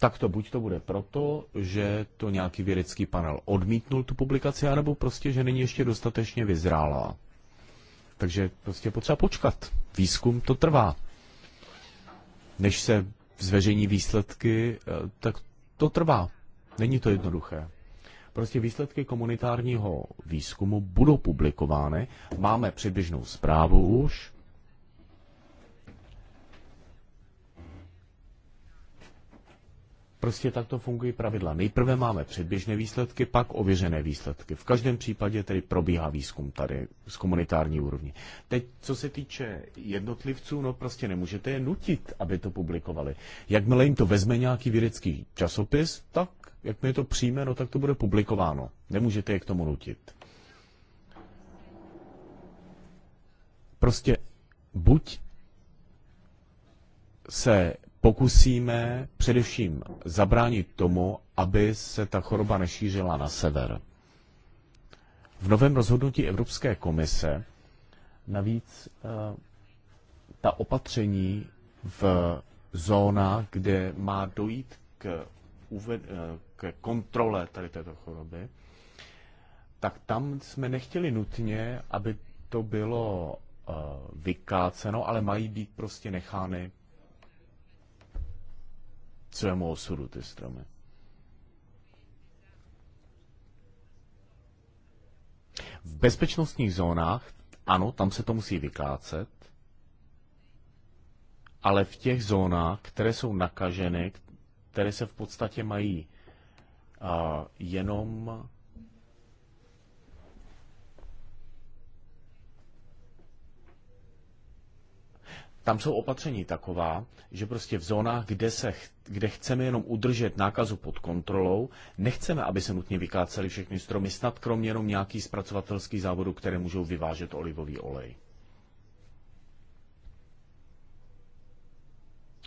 tak to buď to bude proto, že to nějaký vědecký panel odmítnul tu publikaci, anebo prostě, že není ještě dostatečně vyzrálá. Takže prostě potřeba počkat. Výzkum to trvá. Než se zveřejní výsledky, eh, tak to trvá. Není to jednoduché. Prostě výsledky komunitárního výzkumu budou publikovány. Máme předběžnou zprávu už, Prostě takto fungují pravidla. Nejprve máme předběžné výsledky, pak ověřené výsledky. V každém případě tedy probíhá výzkum tady z komunitární úrovni. Teď, co se týče jednotlivců, no prostě nemůžete je nutit, aby to publikovali. Jakmile jim to vezme nějaký vědecký časopis, tak jakmile to přijme, no tak to bude publikováno. Nemůžete je k tomu nutit. Prostě buď se pokusíme především zabránit tomu, aby se ta choroba nešířila na sever. V novém rozhodnutí Evropské komise navíc eh, ta opatření v zónách, kde má dojít k, uved, eh, k kontrole tady této choroby, tak tam jsme nechtěli nutně, aby to bylo eh, vykáceno, ale mají být prostě nechány svému osudu ty stromy. V bezpečnostních zónách, ano, tam se to musí vykácet, ale v těch zónách, které jsou nakaženy, které se v podstatě mají uh, jenom tam jsou opatření taková, že prostě v zónách, kde, se, kde chceme jenom udržet nákazu pod kontrolou, nechceme, aby se nutně vykáceli všechny stromy, snad kromě jenom nějaký zpracovatelský závodů, které můžou vyvážet olivový olej.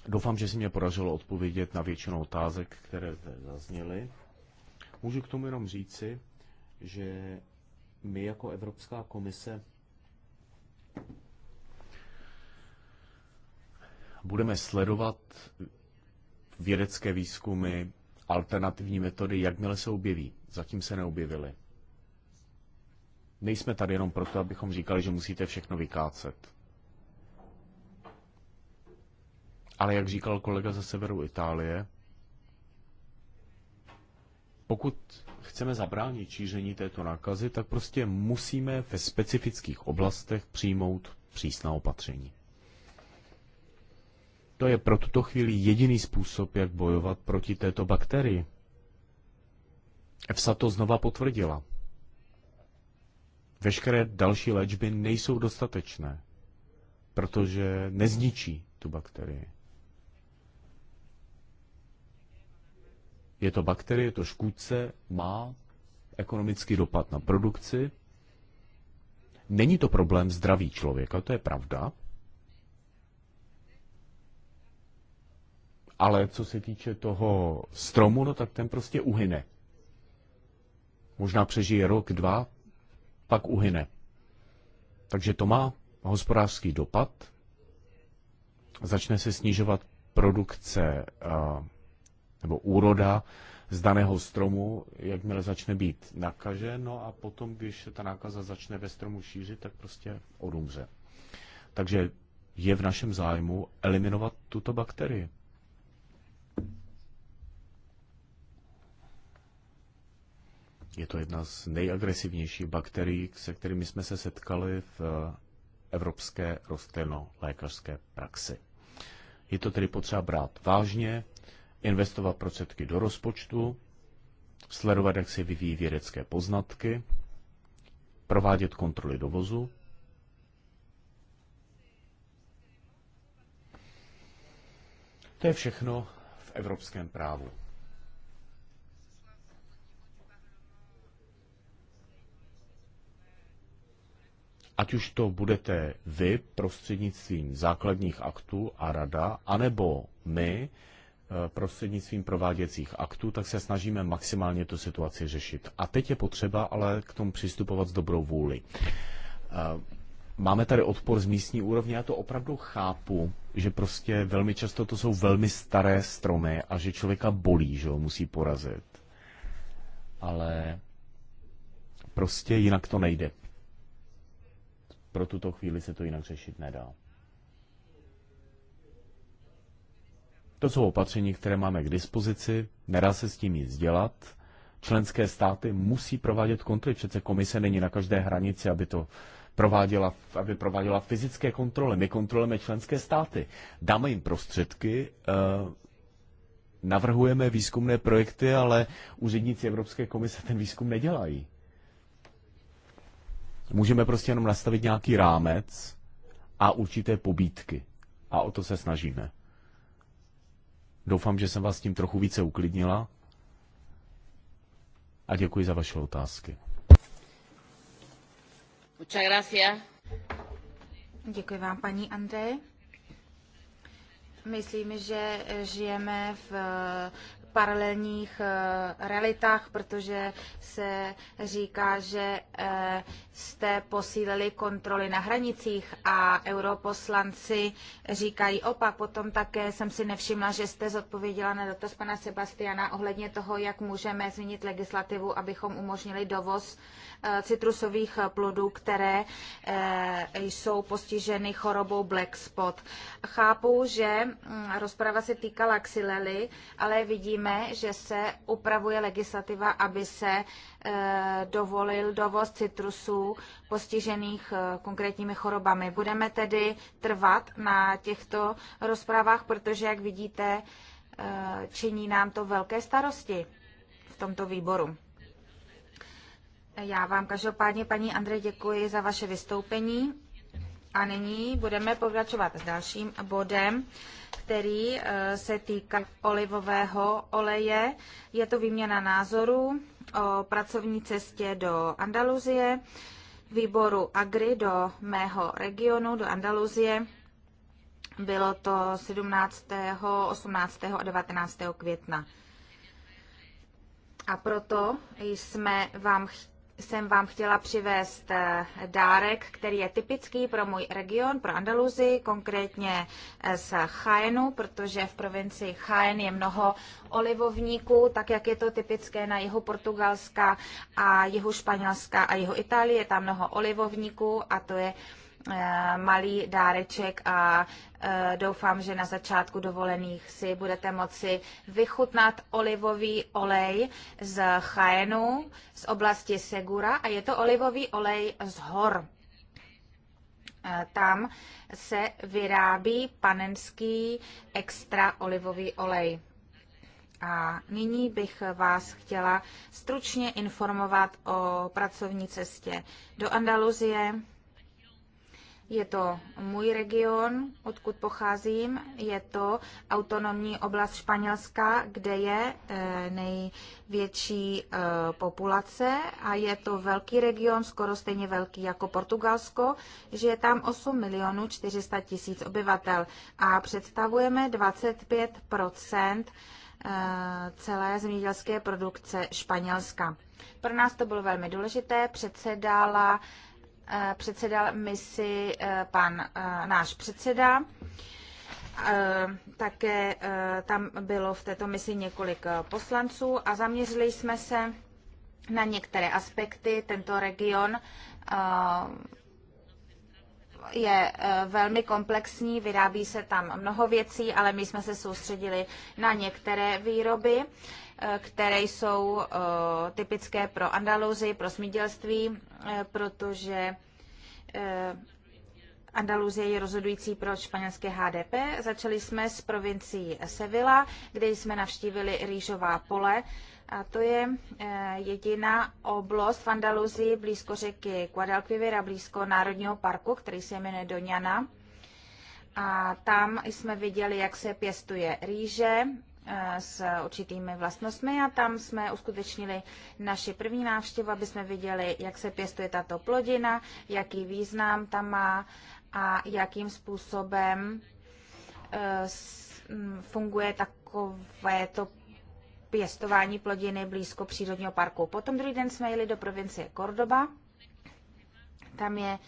Doufám, že si mě podařilo odpovědět na většinu otázek, které zde zazněly. Můžu k tomu jenom říci, že my jako Evropská komise budeme sledovat vědecké výzkumy, alternativní metody, jakmile se objeví. Zatím se neobjevily. Nejsme tady jenom proto, abychom říkali, že musíte všechno vykácet. Ale jak říkal kolega ze severu Itálie, pokud chceme zabránit šíření této nákazy, tak prostě musíme ve specifických oblastech přijmout přísná opatření. To je pro tuto chvíli jediný způsob, jak bojovat proti této bakterii. EFSA to znova potvrdila. Veškeré další léčby nejsou dostatečné, protože nezničí tu bakterii. Je to bakterie, je to škůdce, má ekonomický dopad na produkci. Není to problém zdraví člověka, to je pravda, Ale co se týče toho stromu, no tak ten prostě uhyne. Možná přežije rok, dva, pak uhyne. Takže to má hospodářský dopad. Začne se snižovat produkce eh, nebo úroda z daného stromu, jakmile začne být nakažen, no a potom, když se ta nákaza začne ve stromu šířit, tak prostě odumře. Takže je v našem zájmu eliminovat tuto bakterii. Je to jedna z nejagresivnějších bakterií, se kterými jsme se setkali v eh, evropské rostlinolékařské praxi. Je to tedy potřeba brát vážně, investovat prostředky do rozpočtu, sledovat, jak se vyvíjí vědecké poznatky, provádět kontroly dovozu. To je všechno v evropském právu. ať už to budete vy prostřednictvím základních aktů a rada, anebo my eh, prostřednictvím prováděcích aktů, tak se snažíme maximálně tu situaci řešit. A teď je potřeba ale k tomu přistupovat s dobrou vůli. Eh, máme tady odpor z místní úrovně, já to opravdu chápu, že prostě velmi často to jsou velmi staré stromy a že člověka bolí, že ho musí porazit. Ale prostě jinak to nejde. Pro tuto chvíli se to jinak řešit nedá. To jsou opatření, které máme k dispozici, nedá se s tím nic dělat. Členské státy musí provádět kontroly, přece komise není na každé hranici, aby to prováděla, aby prováděla fyzické kontroly. My kontrolujeme členské státy. Dáme jim prostředky, eh, navrhujeme výzkumné projekty, ale úředníci Evropské komise ten výzkum nedělají. Můžeme prostě jenom nastavit nějaký rámec a určité pobídky. A o to se snažíme. Doufám, že jsem vás tím trochu více uklidnila a děkuji za vaše otázky. Děkuji vám, paní Andrej. Myslím, že žijeme v paralelních eh, realitách, protože se říká, že eh, jste posílili kontroly na hranicích a europoslanci říkají opak. Potom také jsem si nevšimla, že jste zodpověděla na dotaz pana Sebastiana ohledně toho, jak můžeme změnit legislativu, abychom umožnili dovoz citrusových plodů, které eh, jsou postiženy chorobou black spot. Chápu, že mm, rozprava se týkala xylely, ale vidíme, že se upravuje legislativa, aby se eh, dovolil dovoz citrusů postižených eh, konkrétními chorobami. Budeme tedy trvat na těchto rozprávách, protože, jak vidíte, činí nám to velké starosti v tomto výboru. Já vám každopádně, paní Andrej, děkuji za vaše vystoupení. A nyní budeme pokračovat s dalším bodem, který eh, se týká olivového oleje. Je to výměna názoru o pracovní cestě do Andaluzie, výboru Agri do mého regionu, do Andaluzie. Bylo to 17., 18. a 19. května. A proto jsme vám chtěli jsem vám chtěla přivést eh, dárek, který je typický pro můj region, pro Andaluzi, konkrétně eh, z Chaenu, protože v provincii Chaen je mnoho olivovníků, tak jak je to typické na jihu Portugalska a jihu Španělska a jihu Itálie, je tam mnoho olivovníků a to je Eh, malý dáreček a eh, doufám, že na začátku dovolených si budete moci vychutnat olivový olej z Chaenu, z oblasti Segura a je to olivový olej z hor. Eh, tam se vyrábí panenský extra olivový olej. A nyní bych vás chtěla stručně informovat o pracovní cestě do Andaluzie je to můj region, odkud pocházím, je to autonomní oblast Španělska, kde je eh, největší eh, populace a je to velký region, skoro stejně velký jako Portugalsko, že je tam 8 milionů 400 tisíc obyvatel a představujeme 25 eh, celé zemědělské produkce Španělska. Pro nás to bylo velmi důležité, předsedala předsedal misi eh, pan eh, náš předseda. Eh, také tam bylo v této misi několik poslanců a zaměřili jsme se na některé aspekty. Tento region je velmi komplexní, vyrábí se tam mnoho věcí, ale my jsme se soustředili na některé výroby které jsou eh, typické pro Andaluzi, pro smídělství, eh, protože eh, Andaluzie je rozhodující pro španělské HDP. Začali jsme s provincií Sevilla, kde jsme navštívili rýžová pole. A to je jediná oblast v Andaluzii blízko řeky Guadalquivir a blízko Národního parku, který se jmenuje Doňana. A tam jsme viděli, jak se pěstuje rýže Eh, s určitými vlastnostmi a tam jsme uskutečnili naši první návštěvu, aby jsme viděli, jak se pěstuje tato plodina, jaký význam tam má a jakým způsobem eh, mm, funguje takové to pěstování plodiny blízko přírodního parku. Potom druhý den jsme jeli do provincie Cordoba. Tam je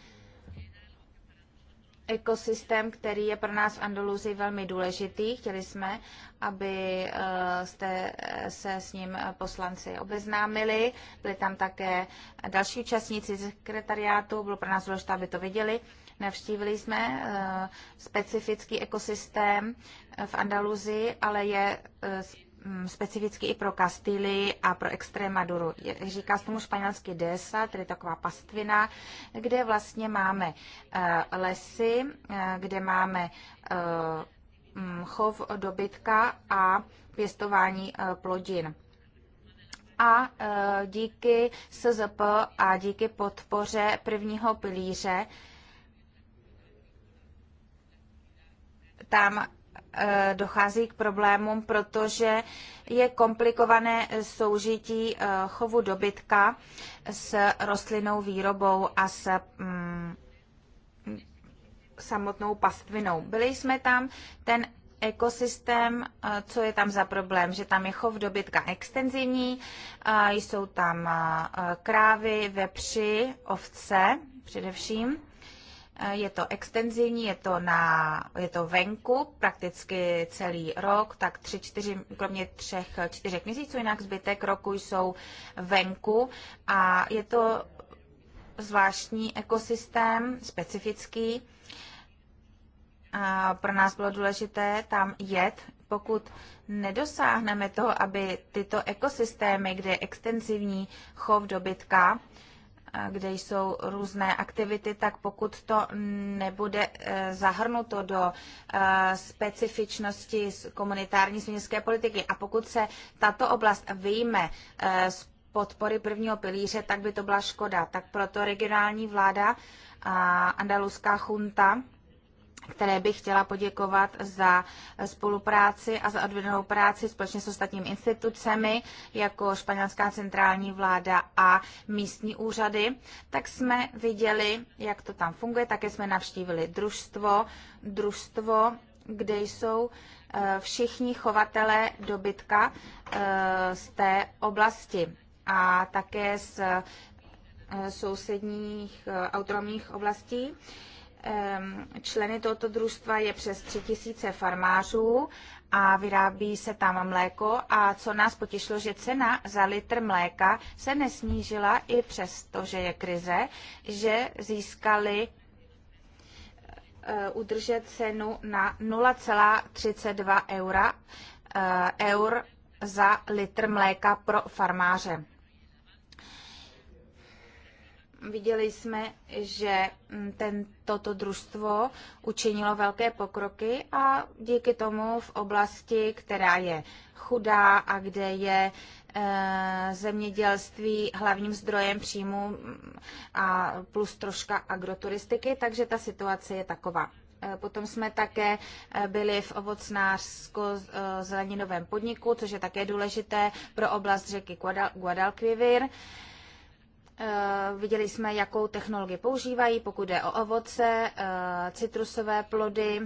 ekosystém, který je pro nás v Andaluzii velmi důležitý. Chtěli jsme, aby eh, jste se s ním eh, poslanci obeznámili. Byli tam také další účastníci z sekretariátu. Bylo pro nás důležité, aby to viděli. Navštívili jsme eh, specifický ekosystém v Andaluzii, ale je Mm, specificky i pro Kastily a pro Extremaduru. Říká se tomu španělsky desa, tedy taková pastvina, kde vlastně máme eh, lesy, eh, kde máme eh, mm, chov dobytka a pěstování plodin. A díky SZP a díky podpoře prvního pilíře tam Eh, dochází k problémům, protože je komplikované soužití eh, chovu dobytka s rostlinnou výrobou a s mm, samotnou pastvinou. Byli jsme tam, ten ekosystém, eh, co je tam za problém, že tam je chov dobytka extenzivní, jsou tam krávy, vepři, ovce především. Eh, je to extenzivní, je to, na, je to venku prakticky celý rok, tak tři, čtyři, kromě třech, eh, čtyřech měsíců, jinak zbytek roku jsou venku a je to zvláštní ekosystém, specifický. A pro nás bylo důležité tam jet, pokud nedosáhneme toho, aby tyto ekosystémy, kde je extenzivní chov dobytka, kde jsou různé aktivity, tak pokud to nebude eh, zahrnuto do eh, specifičnosti komunitární směnské politiky a pokud se tato oblast vyjme eh, z podpory prvního pilíře, tak by to byla škoda. Tak proto regionální vláda a andaluská chunta které bych chtěla poděkovat za spolupráci a za odvedenou práci společně s ostatními institucemi, jako španělská centrální vláda a místní úřady, tak jsme viděli, jak to tam funguje. Také jsme navštívili družstvo, družstvo, kde jsou eh, všichni chovatele dobytka eh, z té oblasti a také z eh, sousedních autonomních oblastí. Členy tohoto družstva je přes 3000 farmářů a vyrábí se tam mléko. A co nás potěšilo, že cena za litr mléka se nesnížila i přesto, že je krize, že získali eh, udržet cenu na 0,32 eura, eh, eur za litr mléka pro farmáře. Viděli jsme, že mm, ten, toto družstvo učinilo velké pokroky a díky tomu v oblasti, která je chudá a kde je e, zemědělství hlavním zdrojem příjmu mm, a plus troška agroturistiky, takže ta situace je taková. E, potom jsme také e, byli v ovocnářsko-zeleninovém e, podniku, což je také důležité pro oblast řeky Guadalquivir. Guadal Eh, viděli jsme, jakou technologii používají, pokud jde o ovoce, eh, citrusové plody.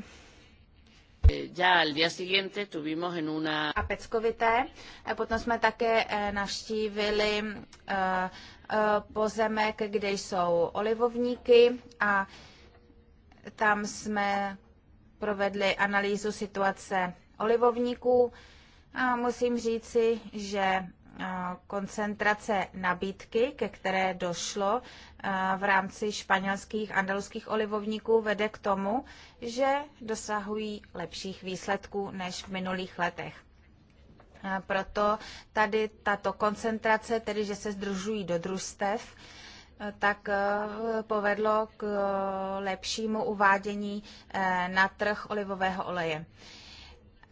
A peckovité. Eh, potom jsme také navštívili pozemek, kde jsou olivovníky a tam jsme provedli analýzu situace olivovníků. A musím říci, že koncentrace nabídky, ke které došlo v rámci španělských andaluských olivovníků, vede k tomu, že dosahují lepších výsledků než v minulých letech. Proto tady tato koncentrace, tedy že se združují do družstev, tak povedlo k lepšímu uvádění e, na trh olivového oleje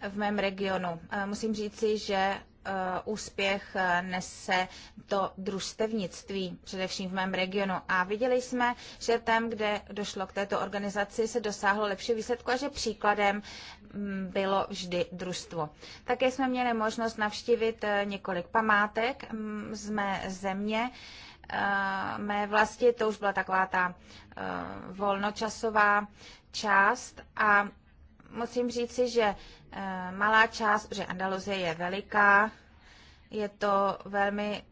v mém regionu. Musím říci, že Eh, úspěch eh, nese to družstevnictví, především v mém regionu. A viděli jsme, že tam, kde došlo k této organizaci, se dosáhlo lepší výsledku a že příkladem mm, bylo vždy družstvo. Také jsme měli možnost navštívit eh, několik památek mm, z mé země, mé vlasti, to už byla taková ta volnočasová část a musím říci, že eh, malá část, že Andaluzie je veliká, je to velmi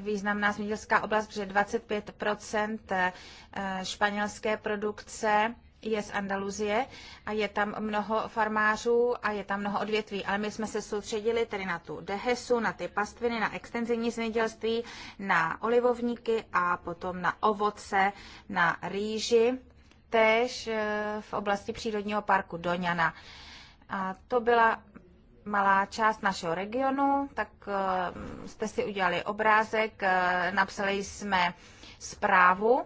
významná zemědělská oblast, protože 25 eh, španělské produkce je z Andaluzie a je tam mnoho farmářů a je tam mnoho odvětví. Ale my jsme se soustředili tedy na tu dehesu, na ty pastviny, na extenzivní zemědělství, na olivovníky a potom na ovoce, na rýži též eh, v oblasti přírodního parku Doňana. A to byla malá část našeho regionu, tak eh, jste si udělali obrázek, eh, napsali jsme zprávu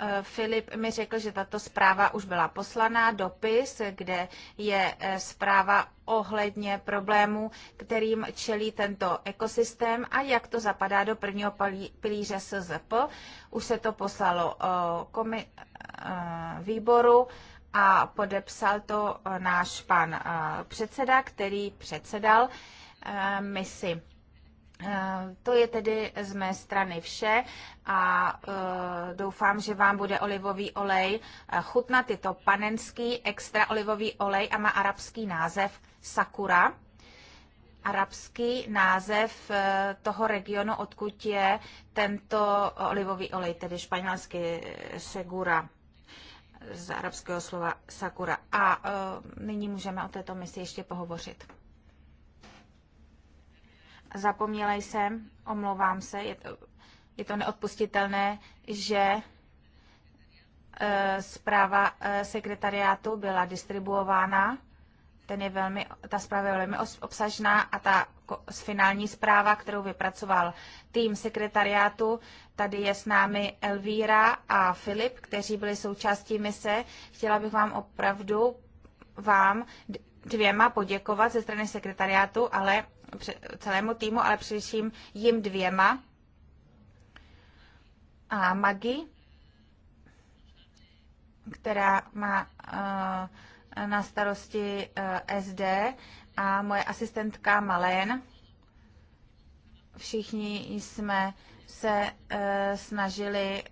Eh, Filip mi řekl, že tato zpráva už byla poslaná, dopis, kde je eh, zpráva ohledně problémů, kterým čelí tento ekosystém a jak to zapadá do prvního pilíře SZP. Už se to poslalo eh, komi- výboru a podepsal to náš pan předseda, který předsedal misi. Eh, to je tedy z mé strany vše a eh, doufám, že vám bude olivový olej eh, chutnat. Je to panenský extra olivový olej a má arabský název Sakura. Arabský název toho regionu, odkud je tento olivový olej, tedy španělsky Segura z arabského slova Sakura. A nyní můžeme o této misi ještě pohovořit. Zapomněla jsem, omlouvám se, je to, je to neodpustitelné, že e, zpráva e, sekretariátu byla distribuována. Ten je velmi, ta zpráva je velmi obsažná a ta finální zpráva, kterou vypracoval tým sekretariátu, tady je s námi Elvíra a Filip, kteří byli součástí mise. Chtěla bych vám opravdu vám dvěma poděkovat ze strany sekretariátu, ale celému týmu, ale především jim dvěma. A Magi, která má eh, na starosti eh, SD a moje asistentka Malén. Všichni jsme se eh, snažili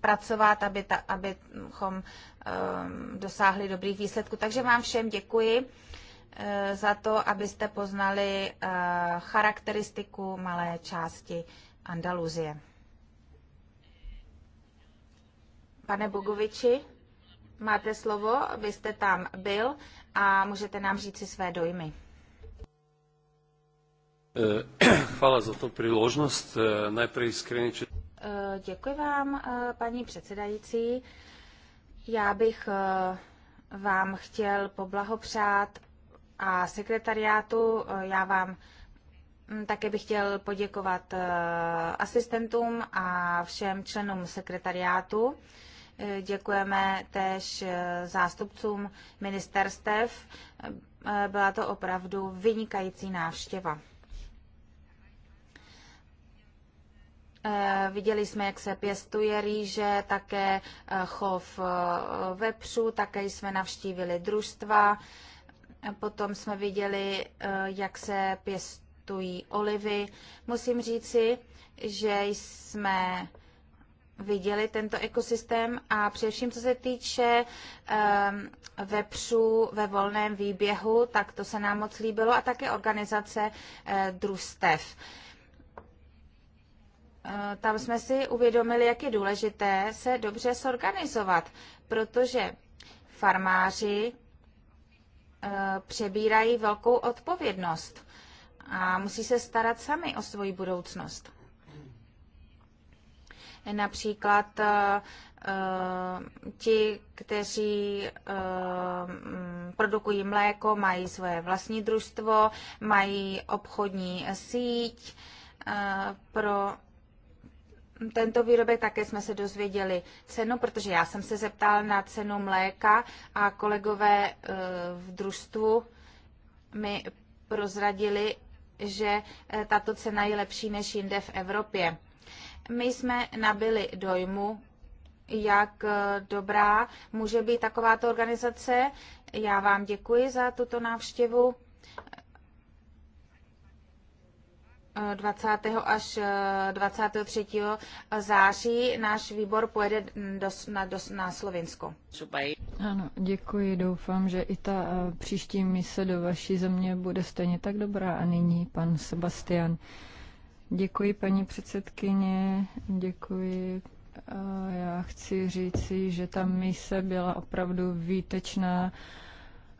pracovat, aby ta, abychom dosáhli dobrých výsledků. Takže vám všem děkuji Eh, za to, abyste poznali eh, charakteristiku malé části Andaluzie. Pane Bogoviči, máte slovo, vy jste tam byl a můžete nám říct si své dojmy. Eh, Chvála za to příležitost. Nejprve skryně... Děkuji vám, paní předsedající. Já bych vám chtěl poblahopřát a sekretariátu. Eh, já vám hm, také bych chtěl poděkovat eh, asistentům a všem členům sekretariátu. Eh, děkujeme též zástupcům ministerstev. Byla to opravdu vynikající návštěva. Viděli jsme, jak se pěstuje rýže, také chov vepřů, také jsme navštívili družstva Potom jsme viděli, eh, jak se pěstují olivy. Musím říci, že jsme viděli tento ekosystém a především co se týče um, vepřů ve volném výběhu, tak to se nám moc líbilo a také organizace uh, družstev. Uh, tam jsme si uvědomili, jak je důležité se dobře sorganizovat, protože farmáři Eh, přebírají velkou odpovědnost a musí se starat sami o svoji budoucnost. Například eh, eh, ti, kteří mm, produkují mléko, mají svoje vlastní družstvo, mají obchodní síť pro tento výrobek také jsme se dozvěděli cenu, protože já jsem se zeptal na cenu mléka a kolegové eh, v družstvu mi prozradili, že eh, tato cena je lepší než jinde v Evropě. My jsme nabili dojmu, jak eh, dobrá může být takováto organizace. Já vám děkuji za tuto návštěvu 20. až 23. Eh, září náš výbor pojede do, na, do, na Slovinsko. Ano, děkuji. Doufám, že i ta eh, příští mise do vaší země bude stejně tak dobrá. A nyní pan Sebastian. Děkuji, paní předsedkyně. Děkuji. Eh, já chci říci, že ta mise byla opravdu výtečná.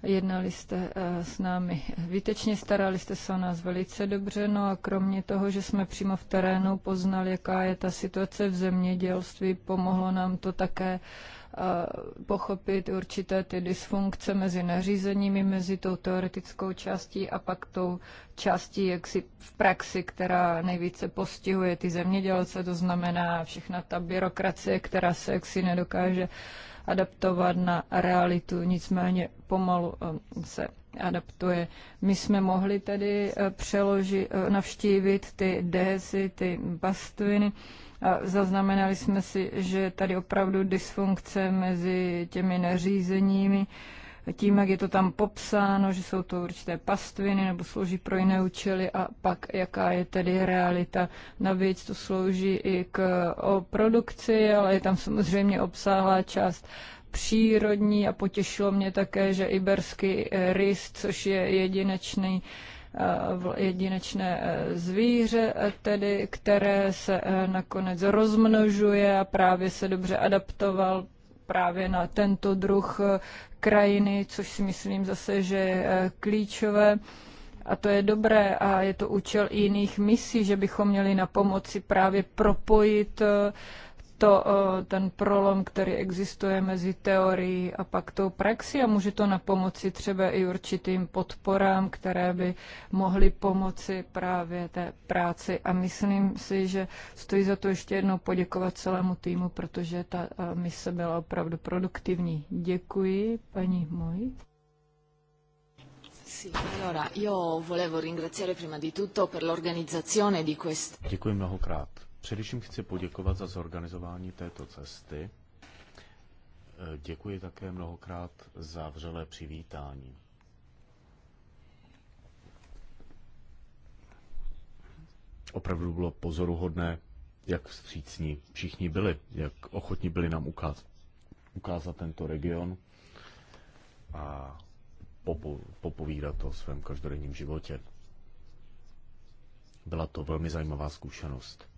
Jednali jste eh, s námi výtečně, starali jste se o nás velice dobře, no a kromě toho, že jsme přímo v terénu poznali, jaká je ta situace v zemědělství, pomohlo nám to také eh, pochopit určité ty dysfunkce mezi nařízeními, mezi tou teoretickou částí a pak tou částí jaksi v praxi, která nejvíce postihuje ty zemědělce, to znamená všechna ta byrokracie, která se jaksi nedokáže uh, adaptovat na realitu, nicméně pomalu eh, se adaptuje. My jsme mohli tedy eh, přeložit, eh, navštívit ty dézy, ty pastviny. Zaznamenali jsme si, že tady opravdu dysfunkce mezi těmi nařízeními tím, jak je to tam popsáno, že jsou to určité pastviny nebo slouží pro jiné účely a pak jaká je tedy realita. Navíc to slouží i k o produkci, ale je tam samozřejmě obsáhlá část přírodní a potěšilo mě také, že iberský eh, rys, což je jedinečný eh, jedinečné eh, zvíře, tedy, které se nakonec rozmnožuje a právě se dobře adaptoval právě na tento druh krajiny, což si myslím zase, že je eh, klíčové. A to je dobré a je to účel i jiných misí, že bychom měli na pomoci právě propojit uh, to eh, ten prolom, který existuje mezi teorií a pak tou praxi a může to na pomoci třeba i určitým podporám, které by mohly pomoci právě té práci. A myslím si, že stojí za to ještě jednou poděkovat celému týmu, protože ta eh, mise byla opravdu produktivní. Děkuji, paní Moj. Děkuji mnohokrát. Především chci poděkovat za zorganizování této cesty. E, děkuji také mnohokrát za vřelé přivítání. Opravdu bylo pozoruhodné, jak vstřícní všichni byli, jak ochotní byli nám ukázat, ukázat tento region a popo, popovídat o svém každodenním životě. Byla to velmi zajímavá zkušenost.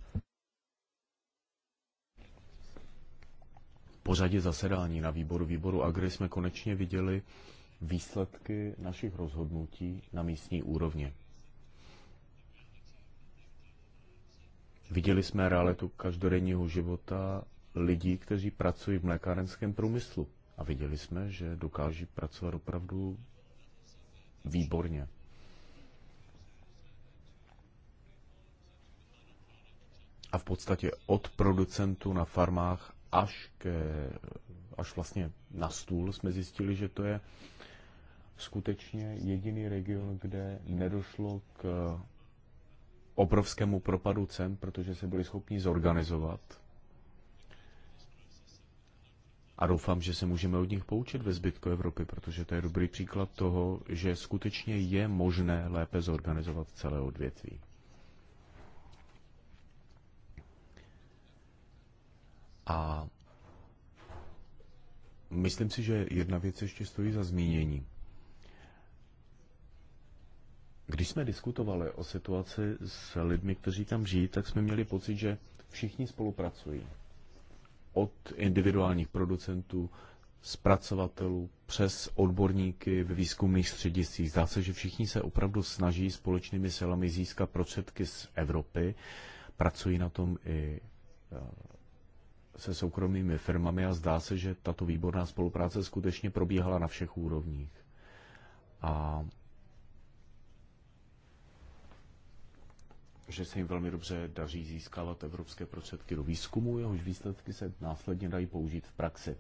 po řadě zasedání na výboru výboru Agri jsme konečně viděli výsledky našich rozhodnutí na místní úrovni. Viděli jsme realitu každodenního života lidí, kteří pracují v mlékárenském průmyslu. A viděli jsme, že dokáží pracovat opravdu výborně. A v podstatě od producentů na farmách až, ke, až vlastně na stůl jsme zjistili, že to je skutečně jediný region, kde nedošlo k obrovskému propadu cen, protože se byli schopni zorganizovat. A doufám, že se můžeme od nich poučit ve zbytku Evropy, protože to je dobrý příklad toho, že skutečně je možné lépe zorganizovat celé odvětví. A myslím si, že jedna věc ještě stojí za zmínění. Když jsme diskutovali o situaci s lidmi, kteří tam žijí, tak jsme měli pocit, že všichni spolupracují. Od individuálních producentů, zpracovatelů, přes odborníky v výzkumných střediscích. Zdá se, že všichni se opravdu snaží společnými silami získat prostředky z Evropy. Pracují na tom i eh, se soukromými firmami a zdá se, že tato výborná spolupráce skutečně probíhala na všech úrovních. A že se jim velmi dobře daří získávat evropské prostředky do výzkumu, jehož výsledky se následně dají použít v praxi.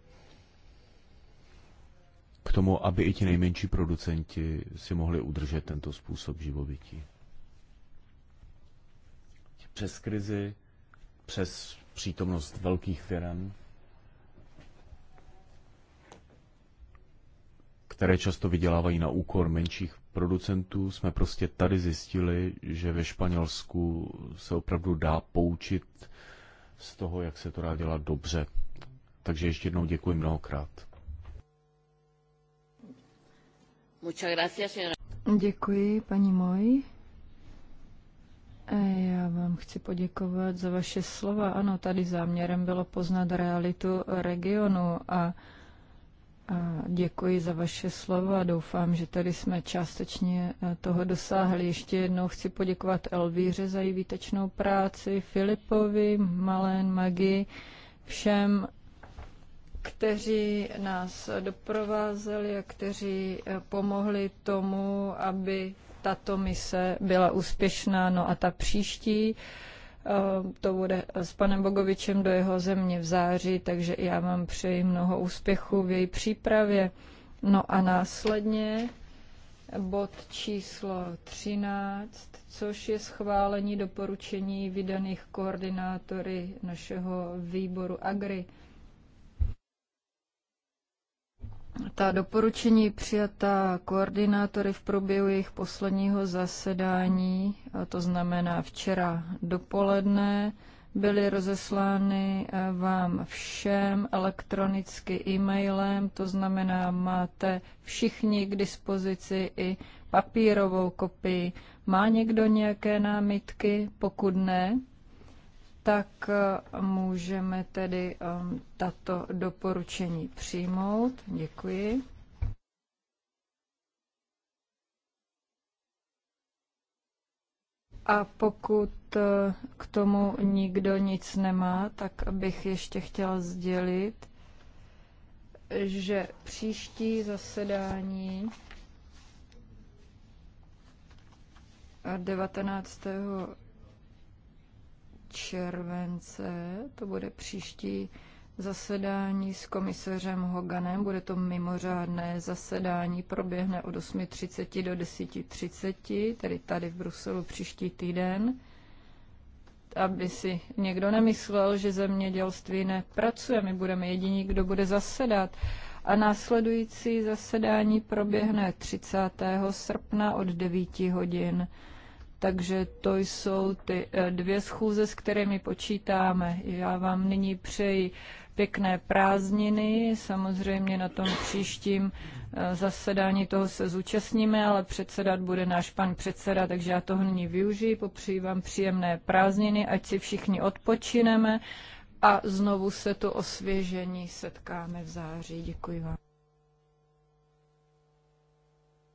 K tomu, aby i ti nejmenší producenti si mohli udržet tento způsob živobytí. Přes krizi přes přítomnost velkých firm, které často vydělávají na úkor menších producentů, jsme prostě tady zjistili, že ve Španělsku se opravdu dá poučit z toho, jak se to dá dělat dobře. Takže ještě jednou děkuji mnohokrát. Děkuji, paní Moj. Já vám chci poděkovat za vaše slova. Ano, tady záměrem bylo poznat realitu regionu a a děkuji za vaše slova. Doufám, že tady jsme částečně eh, toho dosáhli. Ještě jednou chci poděkovat Elvíře za její výtečnou práci, Filipovi, Malén, Magi, všem, kteří nás doprovázeli a kteří eh, pomohli tomu, aby tato mise byla úspěšná, no a ta příští, eh, to bude s panem Bogovičem do jeho země v září, takže já vám přeji mnoho úspěchu v její přípravě. No a následně bod číslo 13, což je schválení doporučení vydaných koordinátory našeho výboru AGRI. Ta doporučení přijatá koordinátory v průběhu jejich posledního zasedání, a to znamená včera dopoledne, byly rozeslány eh, vám všem elektronicky e-mailem, to znamená, máte všichni k dispozici i papírovou kopii. Má někdo nějaké námitky? Pokud ne, tak eh, můžeme tedy ehm, tato doporučení přijmout. Děkuji. A pokud eh, k tomu nikdo nic nemá, tak bych ještě chtěla sdělit, že příští zasedání 19. Eh, července, to bude příští zasedání s komisařem Hoganem. Bude to mimořádné zasedání, proběhne od 8.30 do 10.30, tedy tady v Bruselu příští týden. Aby si někdo nemyslel, že zemědělství nepracuje, my budeme jediní, kdo bude zasedat. A následující zasedání proběhne 30. srpna od 9 hodin. Takže to jsou ty eh, dvě schůze, s kterými počítáme. Já vám nyní přeji pěkné prázdniny. Samozřejmě na tom příštím eh, zasedání toho se zúčastníme, ale předsedat bude náš pan předseda, takže já toho nyní využiji. Popřeji vám příjemné prázdniny, ať si všichni odpočineme a znovu se to osvěžení setkáme v září. Děkuji vám.